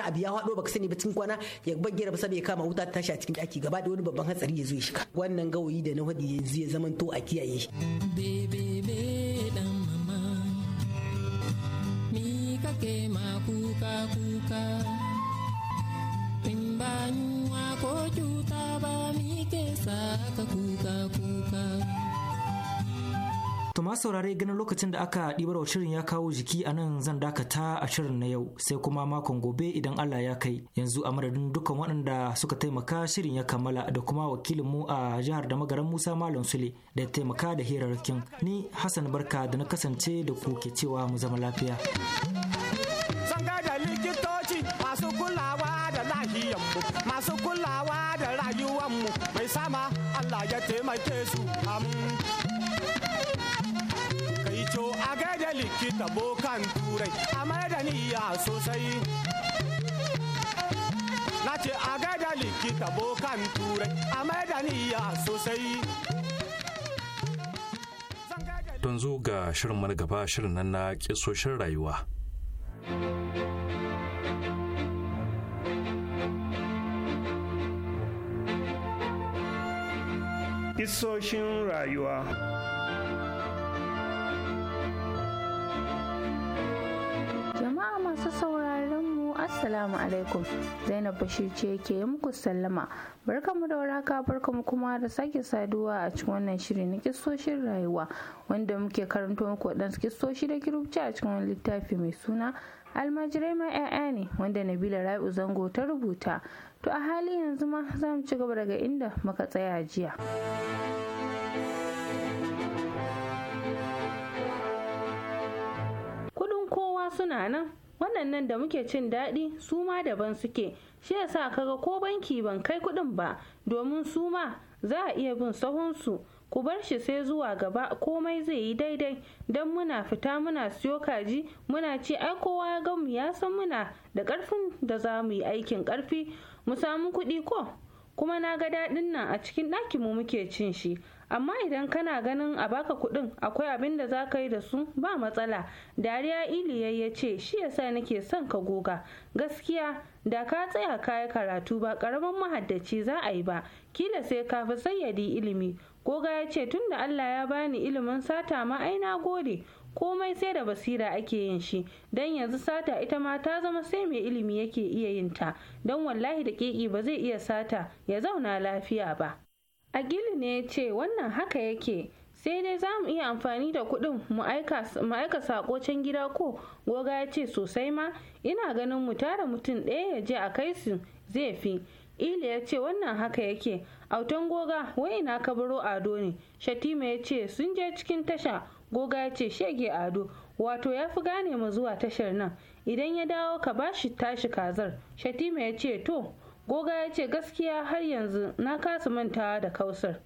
abu ya haɗo baka sani ba cikin kwana ya bagira ba saboda ya kama wuta ta tashi a cikin ɗaki gaba da wani babban hatsari ya zo ya shiga wannan gawayi da na wadi yanzu ya to a kiyaye. Mika ke ma kuka kuka. banyuwa ko cuta ba mi ke kuka kuka tuma saurare ganin lokacin da aka ɗibar wa shirin ya kawo jiki a nan zan dakata a shirin na yau sai kuma makon gobe idan Allah ya kai yanzu a madadin dukkan waɗanda suka taimaka shirin ya kammala da kuma wakilinmu a jihar da magaran Musa Malam Sule da taimaka da hirarrakin ni Hassan Barka da na kasance da ku ke cewa mu zama lafiya. Sanga da likitoci masu kulawa masu kulawa da rayuwanmu mai sama Allah ya taimake su am kai co a gaida likita bokan turai a da niyya sosai na ce a gaida likita bokan turai a da niyya sosai don zo ga shirin gaba shirin nan na kisoshin rayuwa. kisoshin rayuwa Jama'a masu sauraron mu Assalamu alaikum Zainab Bashir ce ke muku sallama barka barkamu da waraka barkamu kuma da sake saduwa a cikin wannan shiri na kisoshin rayuwa wanda muke karanto muku waɗansu kisoshi da kirubci a cikin wani littafi mai suna almajirai ma 'ya'ya ne wanda nabila rai'u zango ta rubuta to a halin yanzu ma za mu ci gaba daga inda muka tsaya jiya kudin kowa suna nan waɗannan da muke cin daɗi su ma daban suke shi yasa kaga ko banki ban kai kuɗin ba domin su ma za a iya bin sahunsu ku bar shi sai zuwa gaba komai zai yi daidai don muna fita muna siyo kaji muna ce ai kowa ya gamu ya san muna da ƙarfin da za mu yi aikin ƙarfi mu samu kuɗi ko kuma na ga daɗin nan a cikin mu muke cin shi amma idan kana ganin a baka kuɗin akwai abin da za ka yi da su ba matsala dariya iliya ya ce shi yasa nake son ka goga gaskiya da ka tsaya kayi karatu ba ƙaramin mahaddaci za a yi ba kila sai ka fi sayyadi ilimi goga ya ce tunda allah ya bani ilimin sata ma ai na gode komai sai da basira ake yin shi don yanzu sata ita ma ta zama sai mai ilimi yake iya yin ta don wallahi da keƙi ba zai iya sata ya zauna lafiya ba a gili ne ya ce wannan haka yake sai dai za mu iya amfani da kuɗin mu aika sako can gida ko goga ya ce sosai ma ina ganin mu tara mutum ɗaya ya je a kai su zai fi ila ya ce wannan haka yake autan goga wai ina kabaro ado ne shatima ya ce sun je cikin tasha goga ya ce shege ado wato ya fi gane mu zuwa tashar nan idan ya dawo ka bashi tashi kazar shatima ya ce to goga ya ce gaskiya har yanzu na kasa mantawa da kausar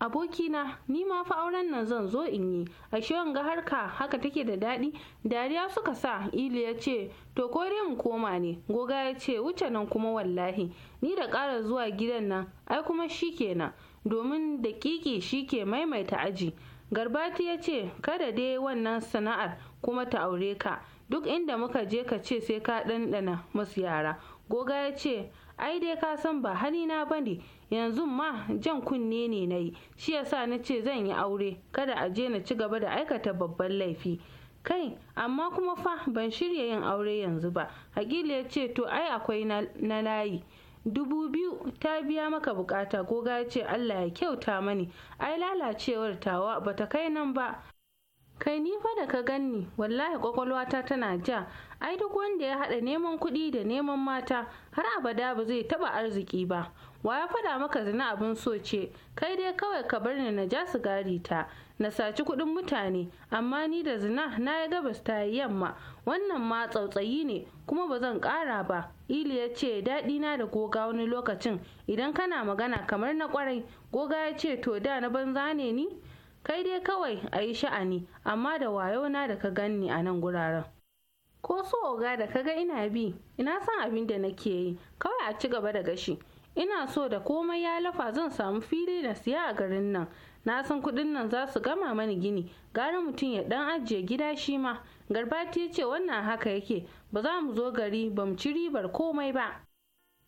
abokina ni ma fa auren nan zan zo in yi a ashe wanga harka haka take da daɗi dariya suka sa ili ya ce to ko dai mu koma ne goga ya ce wuce nan kuma wallahi ni da ƙara zuwa gidan nan ai kuma shi na domin da kiki shi ke maimaita aji garbati ya ce kada dai wannan sana'ar kuma ta aure ka duk inda muka je ka ce sai ka ɗanɗana musu yara goga ya ce ai dai ka san ba halina ba ne yanzu ma jan kunne ne na yi shi yasa na ce zan yi aure kada a je na ci gaba da aikata babban laifi kai amma kuma fa ban shirya yin aure yanzu ba hakila ya ce to ai akwai na layi dubu biyu ta biya maka bukata goga ya ce allah ya kyauta mani ai lalacewar tawa bata kai nan ba kai ni fa da ka ganni wallahi kwakwalwata tana ja ai duk wanda ya haɗa neman kuɗi da neman mata har abada ba zai taɓa arziki ba wa ya faɗa maka zina abin so ce kai dai kawai ka bar ni na ja sigari ta na saci kuɗin mutane amma ni da zina na ya gabas ta yi yamma wannan ma tsautsayi ne kuma ba zan ƙara ba ili ya ce daɗi na da goga wani lokacin idan kana magana kamar na ƙwarai goga ya ce to da na banza ne ni kai dai kawai a yi sha'ani amma da wayo na da ka ganni a nan guraren ko so oga da kaga ina bi ina san abin da nake yi kawai a ci gaba da gashi ina so da komai ya lafa zan samu fili na siya a garin nan na san kudin nan za su gama mani gini gara mutum ya dan ajiye gida shi ma garbati ya ce wannan haka yake ba za mu zo gari ba mu ci ribar komai ba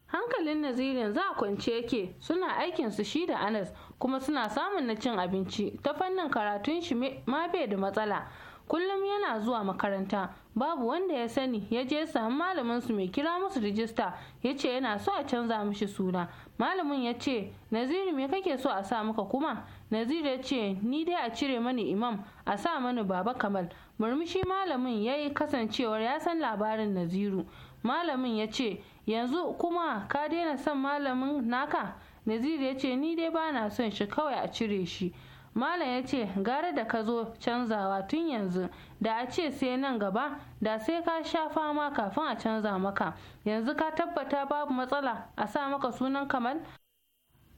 hankalin nazirin za a kwance yake suna aikin su shi da anas kuma suna samun na cin abinci ta fannin karatun shi ma bai da matsala kullum yana zuwa makaranta babu wanda ya sani ya je samu malamin su mai kira musu rijista ya ce yana so a canza mishi suna malamin ya ce naziru me kake so a sa muka kuma naziru ya ce ni dai a cire mani imam a sa mani baba kamal murmushi malamin ya yi kasancewar ya san labarin naziru malamin ya ce yanzu kuma ka daina son malamin naka naziru ya ce ni dai ba na son shi kawai a cire shi malam ya ce gara da ka zo canzawa tun yanzu da a ce sai nan gaba da sai ka sha fama kafin a canza maka yanzu ka tabbata babu matsala a sa maka sunan kamal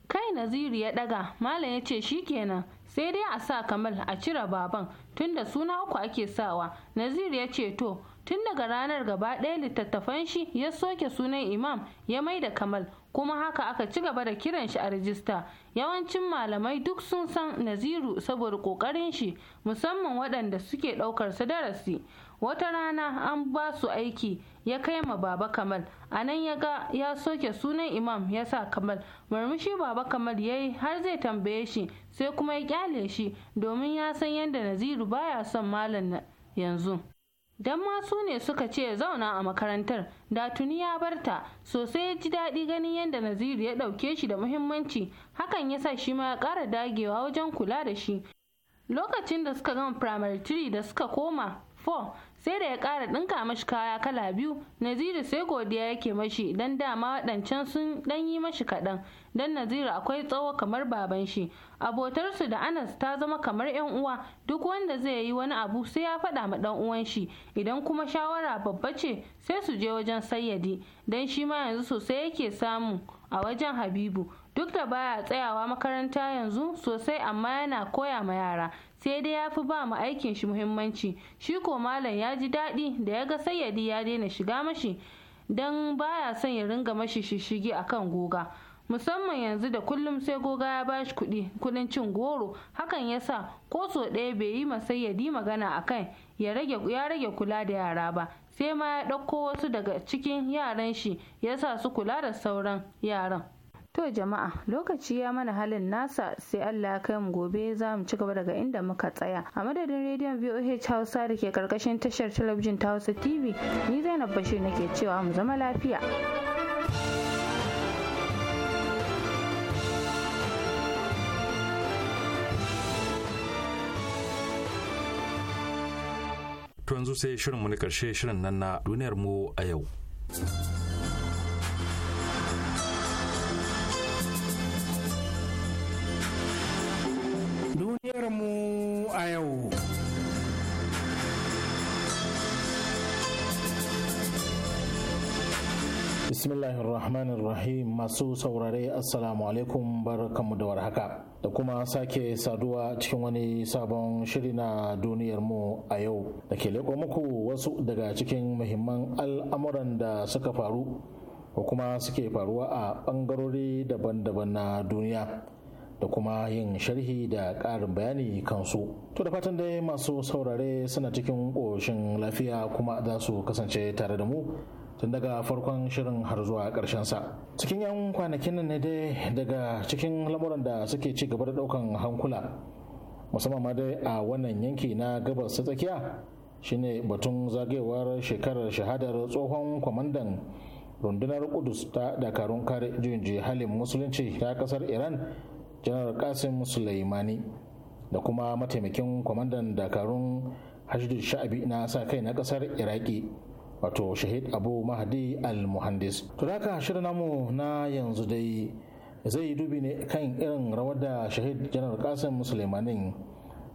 kai naziru ya ɗaga malam ya ce kenan sai dai a sa kamal a cire baban tun da suna uku ake sawa naziru ya ce to tun daga ranar gaba ɗaya littattafan shi ya soke sunan imam ya mai da kamal kuma haka aka ci gaba da kiran shi a rijista yawancin malamai duk sun san naziru saboda kokarin shi musamman waɗanda suke ɗaukar su darasi wata rana an ba su aiki ya kai ma baba kamal a nan ya ga ya soke sunan imam ya sa kamal murmushi baba kamal ya yi har zai tambaye shi sai kuma ya kyale shi domin ya san yadda naziru baya son malam yanzu don ma su ne suka ce ya zauna a makarantar da tuni ya barta sosai ya ji daɗi ganin yadda naziru ya ɗauke shi da muhimmanci hakan ya sa shi ma ya ƙara dagewa wajen kula da shi lokacin da suka gama primary 3 da suka koma 4 sai da ya kara ɗinka mashi kaya kala biyu naziru sai godiya yake mashi dan dama waɗancan sun dan yi mashi kaɗan dan naziru akwai tsawo kamar baban shi abotarsu da anas ta zama kamar yan uwa duk wanda zai yi wani abu sai ya faɗa ma dan uwan shi idan kuma shawara babba ce sai su je wajen sayyadi dan shi ma yanzu sosai yake samu a wajen habibu duk da baya tsayawa makaranta yanzu sosai amma yana koya ma yara sai dai ya fi ba mu aikin shi muhimmanci shi ko malam ya ji daɗi da ya ga sayyadi ya daina shiga mashi don baya son ya ringa mashi shishigi kan goga musamman yanzu da kullum sai goga ya bashi kuɗi kudin cin goro hakan ya sa ko so ɗaya bai yi ma sayyadi magana a kan ya rage kula da yara ba sai ma ya ɗauko wasu daga cikin yaran shi ya sa su kula da sauran yaran To jama'a lokaci ya mana halin nasa sai Allah ya kai mu gobe za mu ci gaba daga inda muka tsaya. A madadin rediyon VOH Hausa da ke karkashin tashar talabijin ta Hausa TV ni Zainab Bashir nake cewa mu zama lafiya. To yanzu sai shirinmu na karshe shirin nan na duniyar mu a yau. duniyarmu a yau. Bismillahirrahmanirrahim masu saurare assalamu alaikum barkanmu da warhaka da kuma sake saduwa cikin wani sabon shiri na duniyarmu a yau da ke leko muku wasu daga cikin muhimman al'amuran da suka faru ko kuma suke faruwa a bangarori daban-daban na duniya. da kuma yin sharhi da ƙarin bayani kansu. To da fatan dai masu saurare suna cikin ƙoshin lafiya kuma za su kasance tare da mu tun daga farkon shirin har zuwa ƙarshen sa. Cikin 'yan kwanakin nan ne dai daga cikin lamuran da suke ci gaba da ɗaukan hankula musamman ma dai a wannan yanki na gabas ta tsakiya shine batun zagayewar shekarar shahadar tsohon kwamandan rundunar kudus ta dakarun kare juyin halin musulunci ta kasar iran janar kasim sulaimani da kuma mataimakin kwamandan dakarun hajjul sha'abi na sa kai na kasar iraki wato shahid abu mahdi al-muhandis to daga shirin namu na yanzu dai zai dubi ne kan irin rawar da shahid janar kasim musulmanin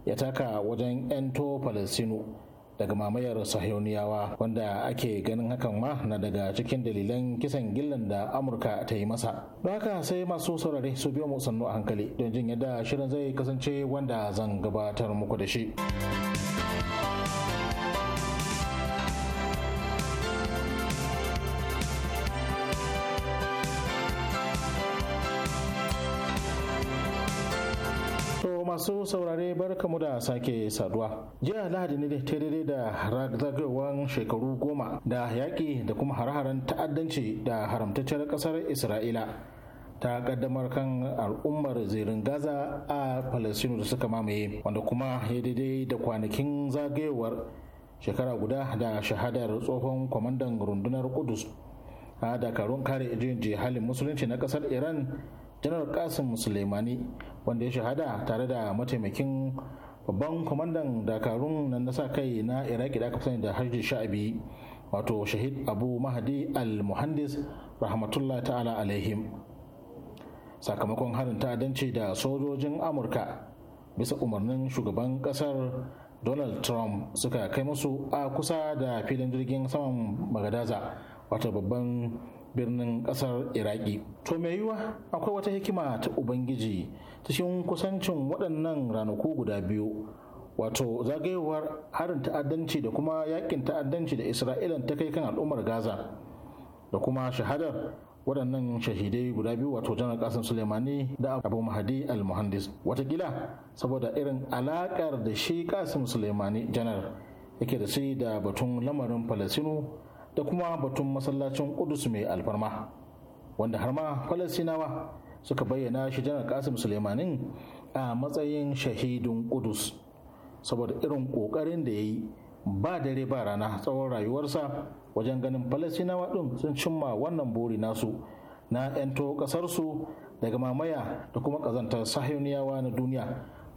ya taka wajen 'yanto palestino daga mamayar sahiyoniyawa wanda ake ganin hakan ma na daga cikin dalilan kisan gillan da amurka ta yi masa don haka sai masu saurare su biyo mu sannu a hankali don jin yadda shirin zai kasance wanda zan gabatar muku da shi. masu saurare barkamu da sake saduwa. Jiya Lahadi ne ta daidai da zagayowar shekaru goma da yaƙi da kuma hare-haren ta'addanci da haramtacciyar ƙasar Isra'ila ta kaddamar kan al'ummar zirin Gaza a Falasinu da suka mamaye wanda kuma ya daidai da kwanakin zagayowar shekara guda da shahadar tsohon kwamandan rundunar Kudus a dakarun kare juyin jihalin musulunci na ƙasar Iran janar kasim musulmani wanda ya shahada tare da mataimakin babban kwamandan dakarun nan na sa kai na iraki da aka sani da harji sha'abi wato shahid abu mahadi al-muhandis rahmatullah ta'ala alaihim sakamakon harin ta'adanci da sojojin amurka bisa umarnin shugaban kasar donald trump suka kai musu a kusa da filin jirgin saman magadaza wato babban birnin kasar iraki to mai yiwa akwai wata hikima ta ubangiji cikin kusancin waɗannan ranaku guda biyu wato zagayowar harin ta'addanci da kuma yakin ta'addanci da isra'ila ta kai kan al'ummar gaza da kuma shahadar waɗannan shahidai guda biyu wato janar kasim sulemani da abu mahadi al-muhandis watakila saboda irin alakar da shi kasim sulemani janar yake da shi da batun lamarin falasinu da kuma batun masallacin kudus mai alfarma wanda har ma falasinawa suka bayyana shi janar kasim sulemanin a matsayin shahidin kudus saboda irin kokarin da ya yi ba dare ba rana tsawon rayuwarsa wajen ganin falasinawa ɗin sun cimma wannan buri nasu na 'yanto ƙasarsu daga mamaya da kuma ƙazantar sahiyoniyawa na duniya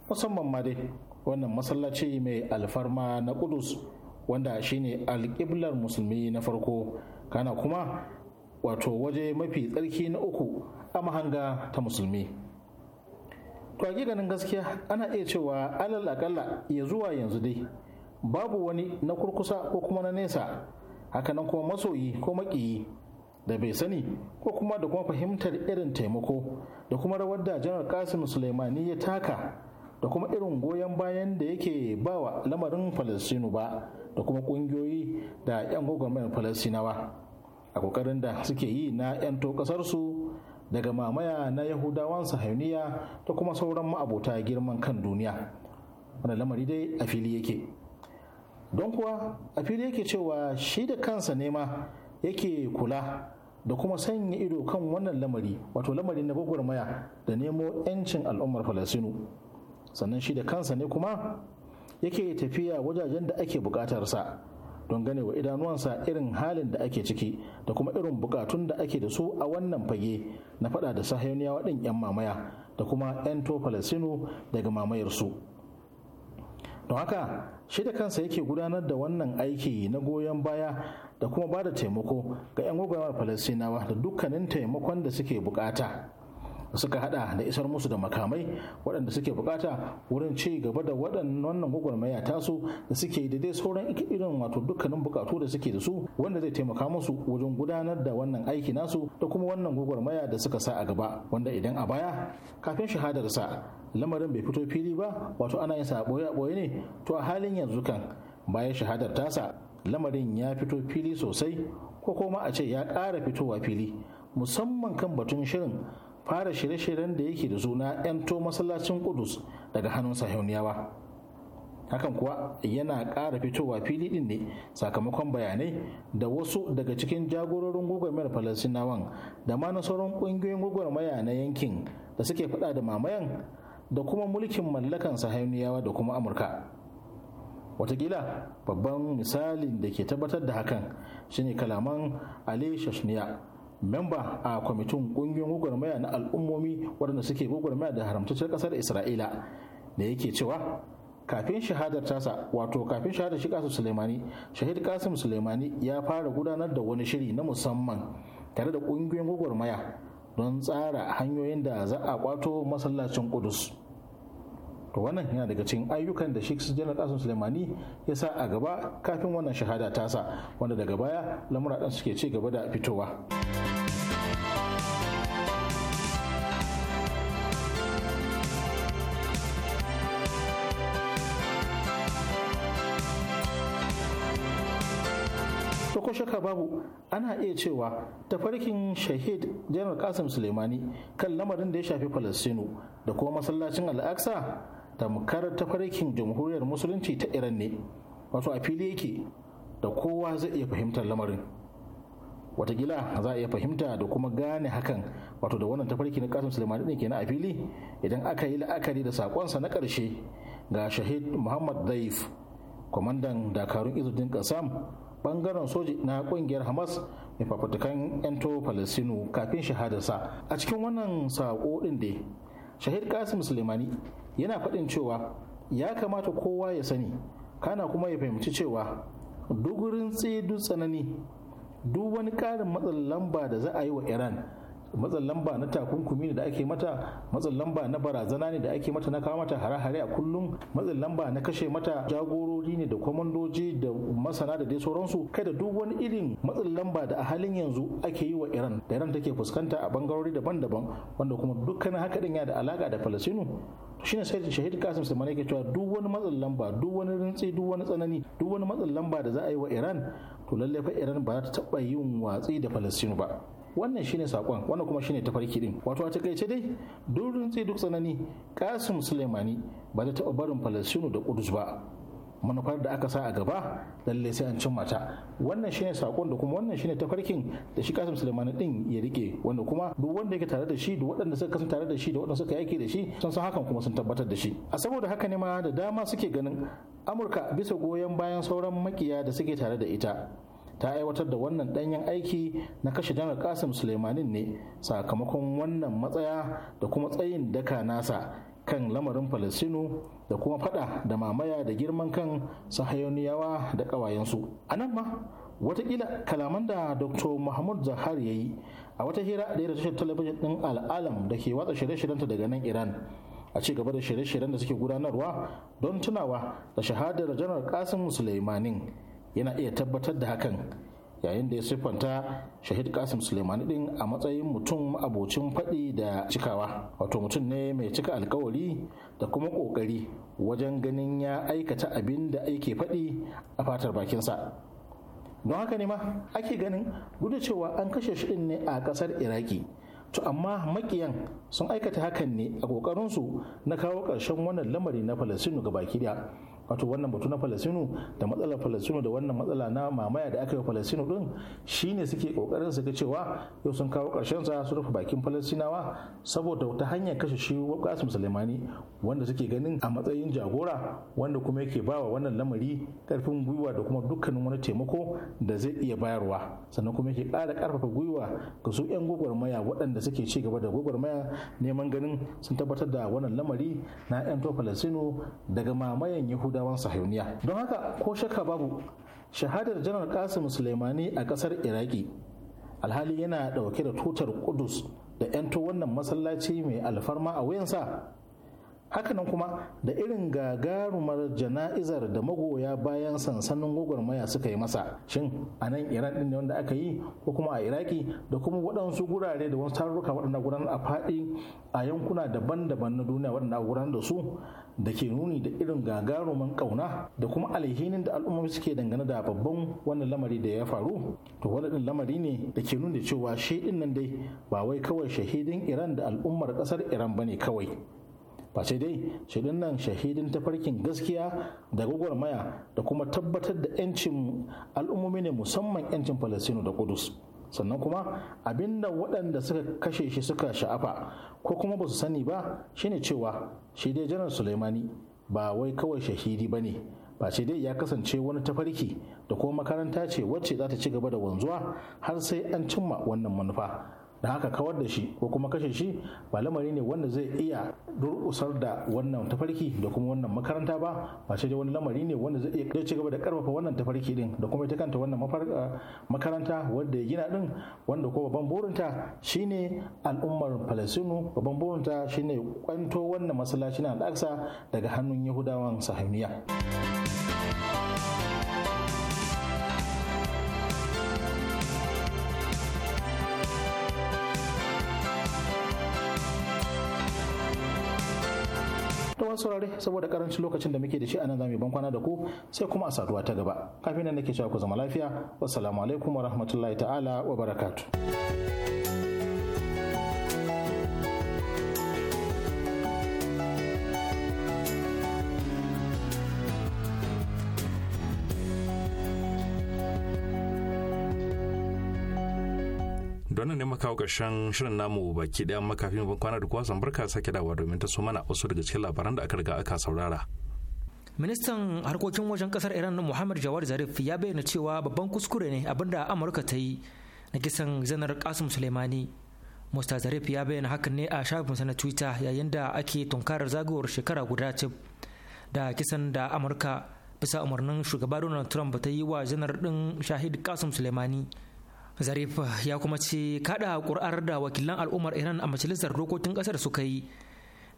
musamman ma dai wannan masallaci mai alfarma na kudus wanda shine alƙiblar musulmi na farko kana kuma wato waje mafi tsarki na uku a mahanga ta musulmi to ganin gaskiya ana iya cewa alal akalla ya zuwa yanzu dai babu wani na kurkusa ko kuma na nesa hakanan kuma masoyi ko makiyi da bai sani ko kuma da kuma fahimtar irin taimako da kuma rawar da janar kasim suleimani ya taka da kuma irin goyon bayan da yake bawa lamarin falastinu ba da kuma kungiyoyi da 'yan gwagwarmayar falasinawa a kokarin da suke yi na 'yan to daga mamaya na yahudawan sahayuniya ta kuma sauran ma'abota girman kan duniya wanda lamari dai a fili yake don kuwa a fili yake cewa shi da kansa nema yake kula da kuma sanya ido kan wannan lamari wato lamari na gwagwarmaya da nemo 'yancin al'ummar falasinu sannan shi da kansa ne kuma yake tafiya wajajen da ake bukatarsa don gane wa idanuwansa irin halin da ake ciki da kuma irin bukatun da ake da su a wannan fage na fada da sahiyoniyawa din 'yan mamaya da kuma 'yan tofalasino daga mamayarsu don haka shi da kansa yake gudanar da wannan aiki na goyon baya da kuma ba da taimako ga 'yan gwagwarmar falasinawa da dukkanin taimakon da suke bukata suka hada da isar musu da makamai waɗanda suke bukata wurin ci gaba da waɗannan gwagwarmaya tasu da suke da dai sauran irin wato dukkanin bukatu da suke da su wanda zai taimaka musu wajen gudanar da wannan aiki nasu da kuma wannan gwagwarmaya da suka sa a gaba wanda idan a baya kafin shahadar sa lamarin bai fito fili ba wato ana yin sa boye boye ne to a halin yanzu kan bayan shahadar tasa lamarin ya fito fili sosai ko kuma a ce ya ƙara fitowa fili musamman kan batun shirin fara shirye-shiryen da yake da suna to masallacin kudus daga hannun sahiyoniyawa hakan kuwa yana ƙara fitowa fili ɗin ne sakamakon bayanai da wasu daga cikin jagororin gwagwarmayar falasinawan da ma na sauran ƙungiyoyin gwagwarmaya na yankin da suke faɗa da mamayan da kuma mulkin mallakan sahiyoniyawa da kuma amurka watakila babban misalin da ke tabbatar da hakan shine kalaman ali shashniya memba a kwamitin kungiyoyin gwagwarmaya na al'ummomi waɗanda suke gwagwarmaya da haramtaccen ƙasar isra'ila da yake cewa kafin shahadar tasa wato kafin shahadar shi kasu suleimani shahid kasim suleimani ya fara gudanar da wani shiri na musamman tare da kungiyoyin gwagwarmaya don tsara hanyoyin da za a kwato masallacin kudus to wannan yana daga cikin ayyukan da shi janar kasim sulaimani ya sa a gaba kafin wannan shahada ta tasa wanda daga baya lamura ɗan suke ci gaba da fitowa ko babu ana iya cewa tafarkin shahid janar kasim suleimani kan lamarin da ya shafi falastinu da kuma masallacin al'aksa tamkar tafarkin jamhuriyar musulunci ta iran ne wato a fili yake da kowa zai iya fahimtar lamarin watakila za a iya fahimta da kuma gane hakan wato da wannan tafarki na kasar sulemani ne ke na fili idan aka yi la'akari da sakonsa na karshe ga shahid muhammad daif kwamandan dakarun izudin kasam bangaren soji na ƙungiyar hamas mai fafatukan 'yanto palestino kafin shahadarsa a cikin wannan sako din dai shahid kasim sulemani yana faɗin cewa ya kamata kowa ya sani kana kuma ya fahimci cewa duk tsaye duk tsanani duk wani ƙarin matsin lamba da za a yi wa iran matsin lamba na takunkumi ne da ake mata matsin lamba na barazana ne da ake mata na kawo mata hare-hare a kullum matsin lamba na kashe mata jagorori ne da kwamandoji da masana da dai sauransu kai da duk wani irin matsin lamba da a halin yanzu ake yi wa iran da iran take fuskanta a bangarori daban-daban wanda kuma dukkanin haka din ya da alaka da falasinu shine sai shahid kasim mana ke cewa duk wani matsin lamba duk wani rintsi duk wani tsanani duk wani matsin lamba da za a yi wa iran to lallai fa iran ba za ta taba yin watsi da falasinu ba wannan shine sakon wannan kuma shine tafarki din wato a takaice dai duk rintsi duk tsanani kasim sulaimani ba zai taɓa barin falasino da kudus ba manufar da aka sa a gaba lallai sai an cimma ta wannan shine sakon da kuma wannan shine tafarkin da shi Kasim Sulaimani din ya rike wanda kuma duk wanda yake tare da shi duk waɗanda suka kasance tare da shi da waɗanda suka yake da shi sun san hakan kuma sun tabbatar da shi a saboda haka ne ma da dama suke ganin Amurka bisa goyon bayan sauran makiya da suke tare da ita ta aiwatar da wannan danyen aiki na kashe janar kasim suleimanin ne sakamakon wannan matsaya da kuma tsayin daka nasa kan lamarin falasinu da kuma fada da mamaya da girman kan sahayoniyawa da kawayensu a nan ma watakila kalaman da dr mahmud zahar ya yi a wata hira da ya tashar talabijin din al'alam da ke watsa shirye-shiryenta daga nan iran a ci gaba da shirye-shiryen da suke gudanarwa don tunawa da shahadar janar kasim suleimanin yana iya tabbatar da hakan yayin da ya siffanta shahid kasim suleimani din a matsayin mutum abocin faɗi da cikawa wato mutum ne mai cika alkawari da kuma ƙoƙari wajen ganin ya aikata abin da ake faɗi a fatar bakinsa don haka ne ma ake ganin gudu cewa an kashe shi ne a ƙasar iraki to amma makiyan sun aikata hakan ne a ƙoƙarinsu na kawo ƙarshen wannan lamari na falasinu ga baki daya wato wannan batu na falasino da matsalar falasino da wannan matsala na mamaya da aka yi falasino din shine suke kokarin su ga cewa yau sun kawo karshen sa su rufe bakin falasinawa saboda ta hanyar kashe shi kasim sulaimani wanda suke ganin a matsayin jagora wanda kuma yake bawa wannan lamari karfin gwiwa da kuma dukkanin wani taimako da zai iya bayarwa sannan kuma yake kara karfafa gwiwa ga su 'yan gwagwarmaya waɗanda suke ci gaba da gwagwarmaya neman ganin sun tabbatar da wannan lamari na 'yan to falasino daga mamayan yahuda yahudawan sahiyoniya don haka ko shakka babu shahadar janar kasim sulaimani a kasar iraki alhali yana dauke da tutar kudus da 'yanto wannan masallaci mai alfarma a wuyansa hakanan kuma da irin gagarumar jana'izar da magoya bayan sansanin gwagwarmaya suka yi masa shin a nan iran din ne wanda aka yi ko kuma a iraki da kuma waɗansu gurare da wasu tarurruka waɗanda gudanar a faɗi a yankuna daban-daban na duniya waɗanda gudanar da su da ke nuni da irin gagaruman ƙauna da kuma alhinin da al'ummomi suke dangane da babban wannan lamari da ya faru to ɗin lamari ne da ke nuni da cewa shi nan dai ba wai kawai shahidin iran da al'ummar ƙasar iran bane kawai face dai shaidan nan shahidin tafarkin gaskiya da gwagwarmaya da kuma tabbatar da 'yancin al'ummomi ne musamman 'yancin falastinu da kudus sannan kuma abinda waɗanda suka kashe shi suka sha'afa ko kuma ba su sani ba shine cewa shi dai janar suleimani ba wai kawai shahidi ba ne face dai ya kasance wani tafarki da kuma makaranta ce wacce za ta ci gaba da wanzuwa har sai an cimma wannan manufa da haka kawar da shi ko kuma kashe shi ba lamari ne wanda zai iya durƙusar da wannan tafarki da kuma wannan makaranta ba ba sai dai wani lamari ne wanda zai iya ci gaba da karfafa wannan tafarki din da kuma ita kanta wannan eh, makaranta wanda ya gina din wanda ko babban burinta shine al'ummar palestinu babban burinta shine kwanto wannan masallaci na al'aksa daga hannun Yahudawan Sahiniya. sauran saurare saboda karancin lokacin da muke da shi a nan zamu bankwana da ku sai kuma a saduwa ta gaba kafin nan nake cewa ku zama lafiya wassalamu alaikum wa rahmatullahi ta'ala wa barakatuh don ne maka ƙarshen shirin namu baki ɗaya makafin ban kwana da kuwa barka sake dawa domin ta so mana wasu daga cikin labaran da aka riga aka saurara. ministan harkokin wajen kasar iran muhammad jawar zarif ya bayyana cewa babban kuskure ne abinda amurka ta yi na kisan zanar kasim suleimani musta zarif ya bayyana hakan ne a shafinsa na twitter yayin da ake tunkarar zagayowar shekara guda cif da kisan da amurka bisa umarnin shugaba donald trump ta yi wa zanar din shahid kasim suleimani zarif ya kuma ce kada ƙuri'ar da wakilan al'ummar iran a majalisar dokokin kasar suka yi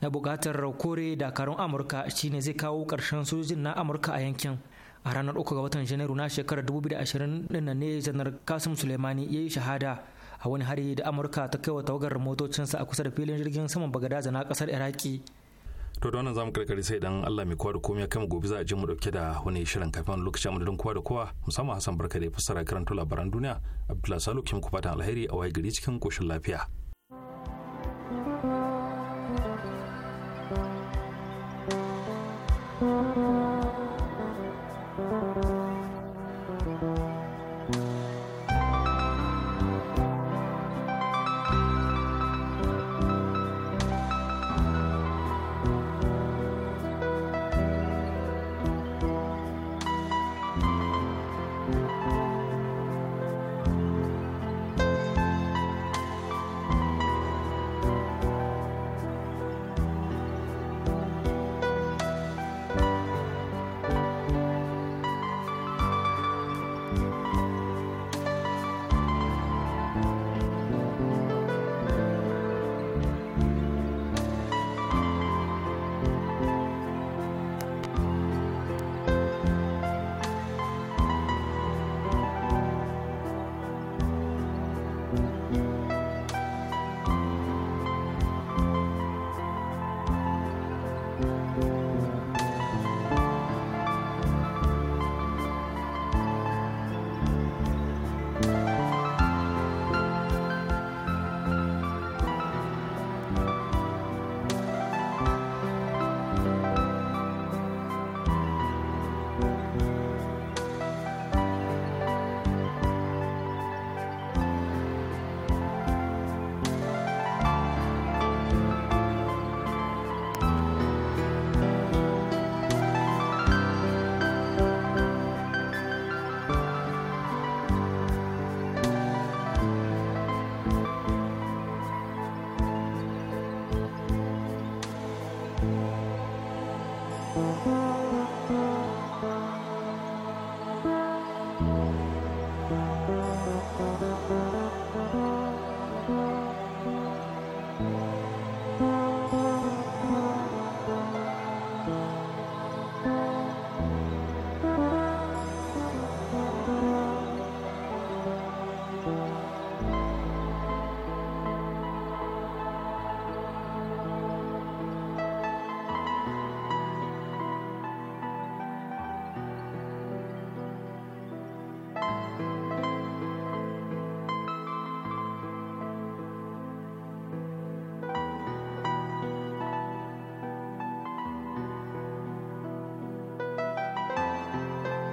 na buƙatar kore dakarun amurka shine zai kawo ƙarshen sojojin na amurka a yankin a ranar uku ga watan janairu na shekarar 2020 ne janar kasim suleimani ya yi shahada a wani hari da amurka ta kai wa tawagar motocinsa a kusa da filin jirgin saman bagadaza na kasar iraki to da wannan zamu karkare sai dan Allah mai kowa da komai mu gobe za a je mu dauke da wani shirin kafin lokacin mu da kowa da kowa musamman Hassan Barka da ya fassara karanto labaran duniya Abdullahi Salu kim ku fatan alheri a waye gari cikin koshin lafiya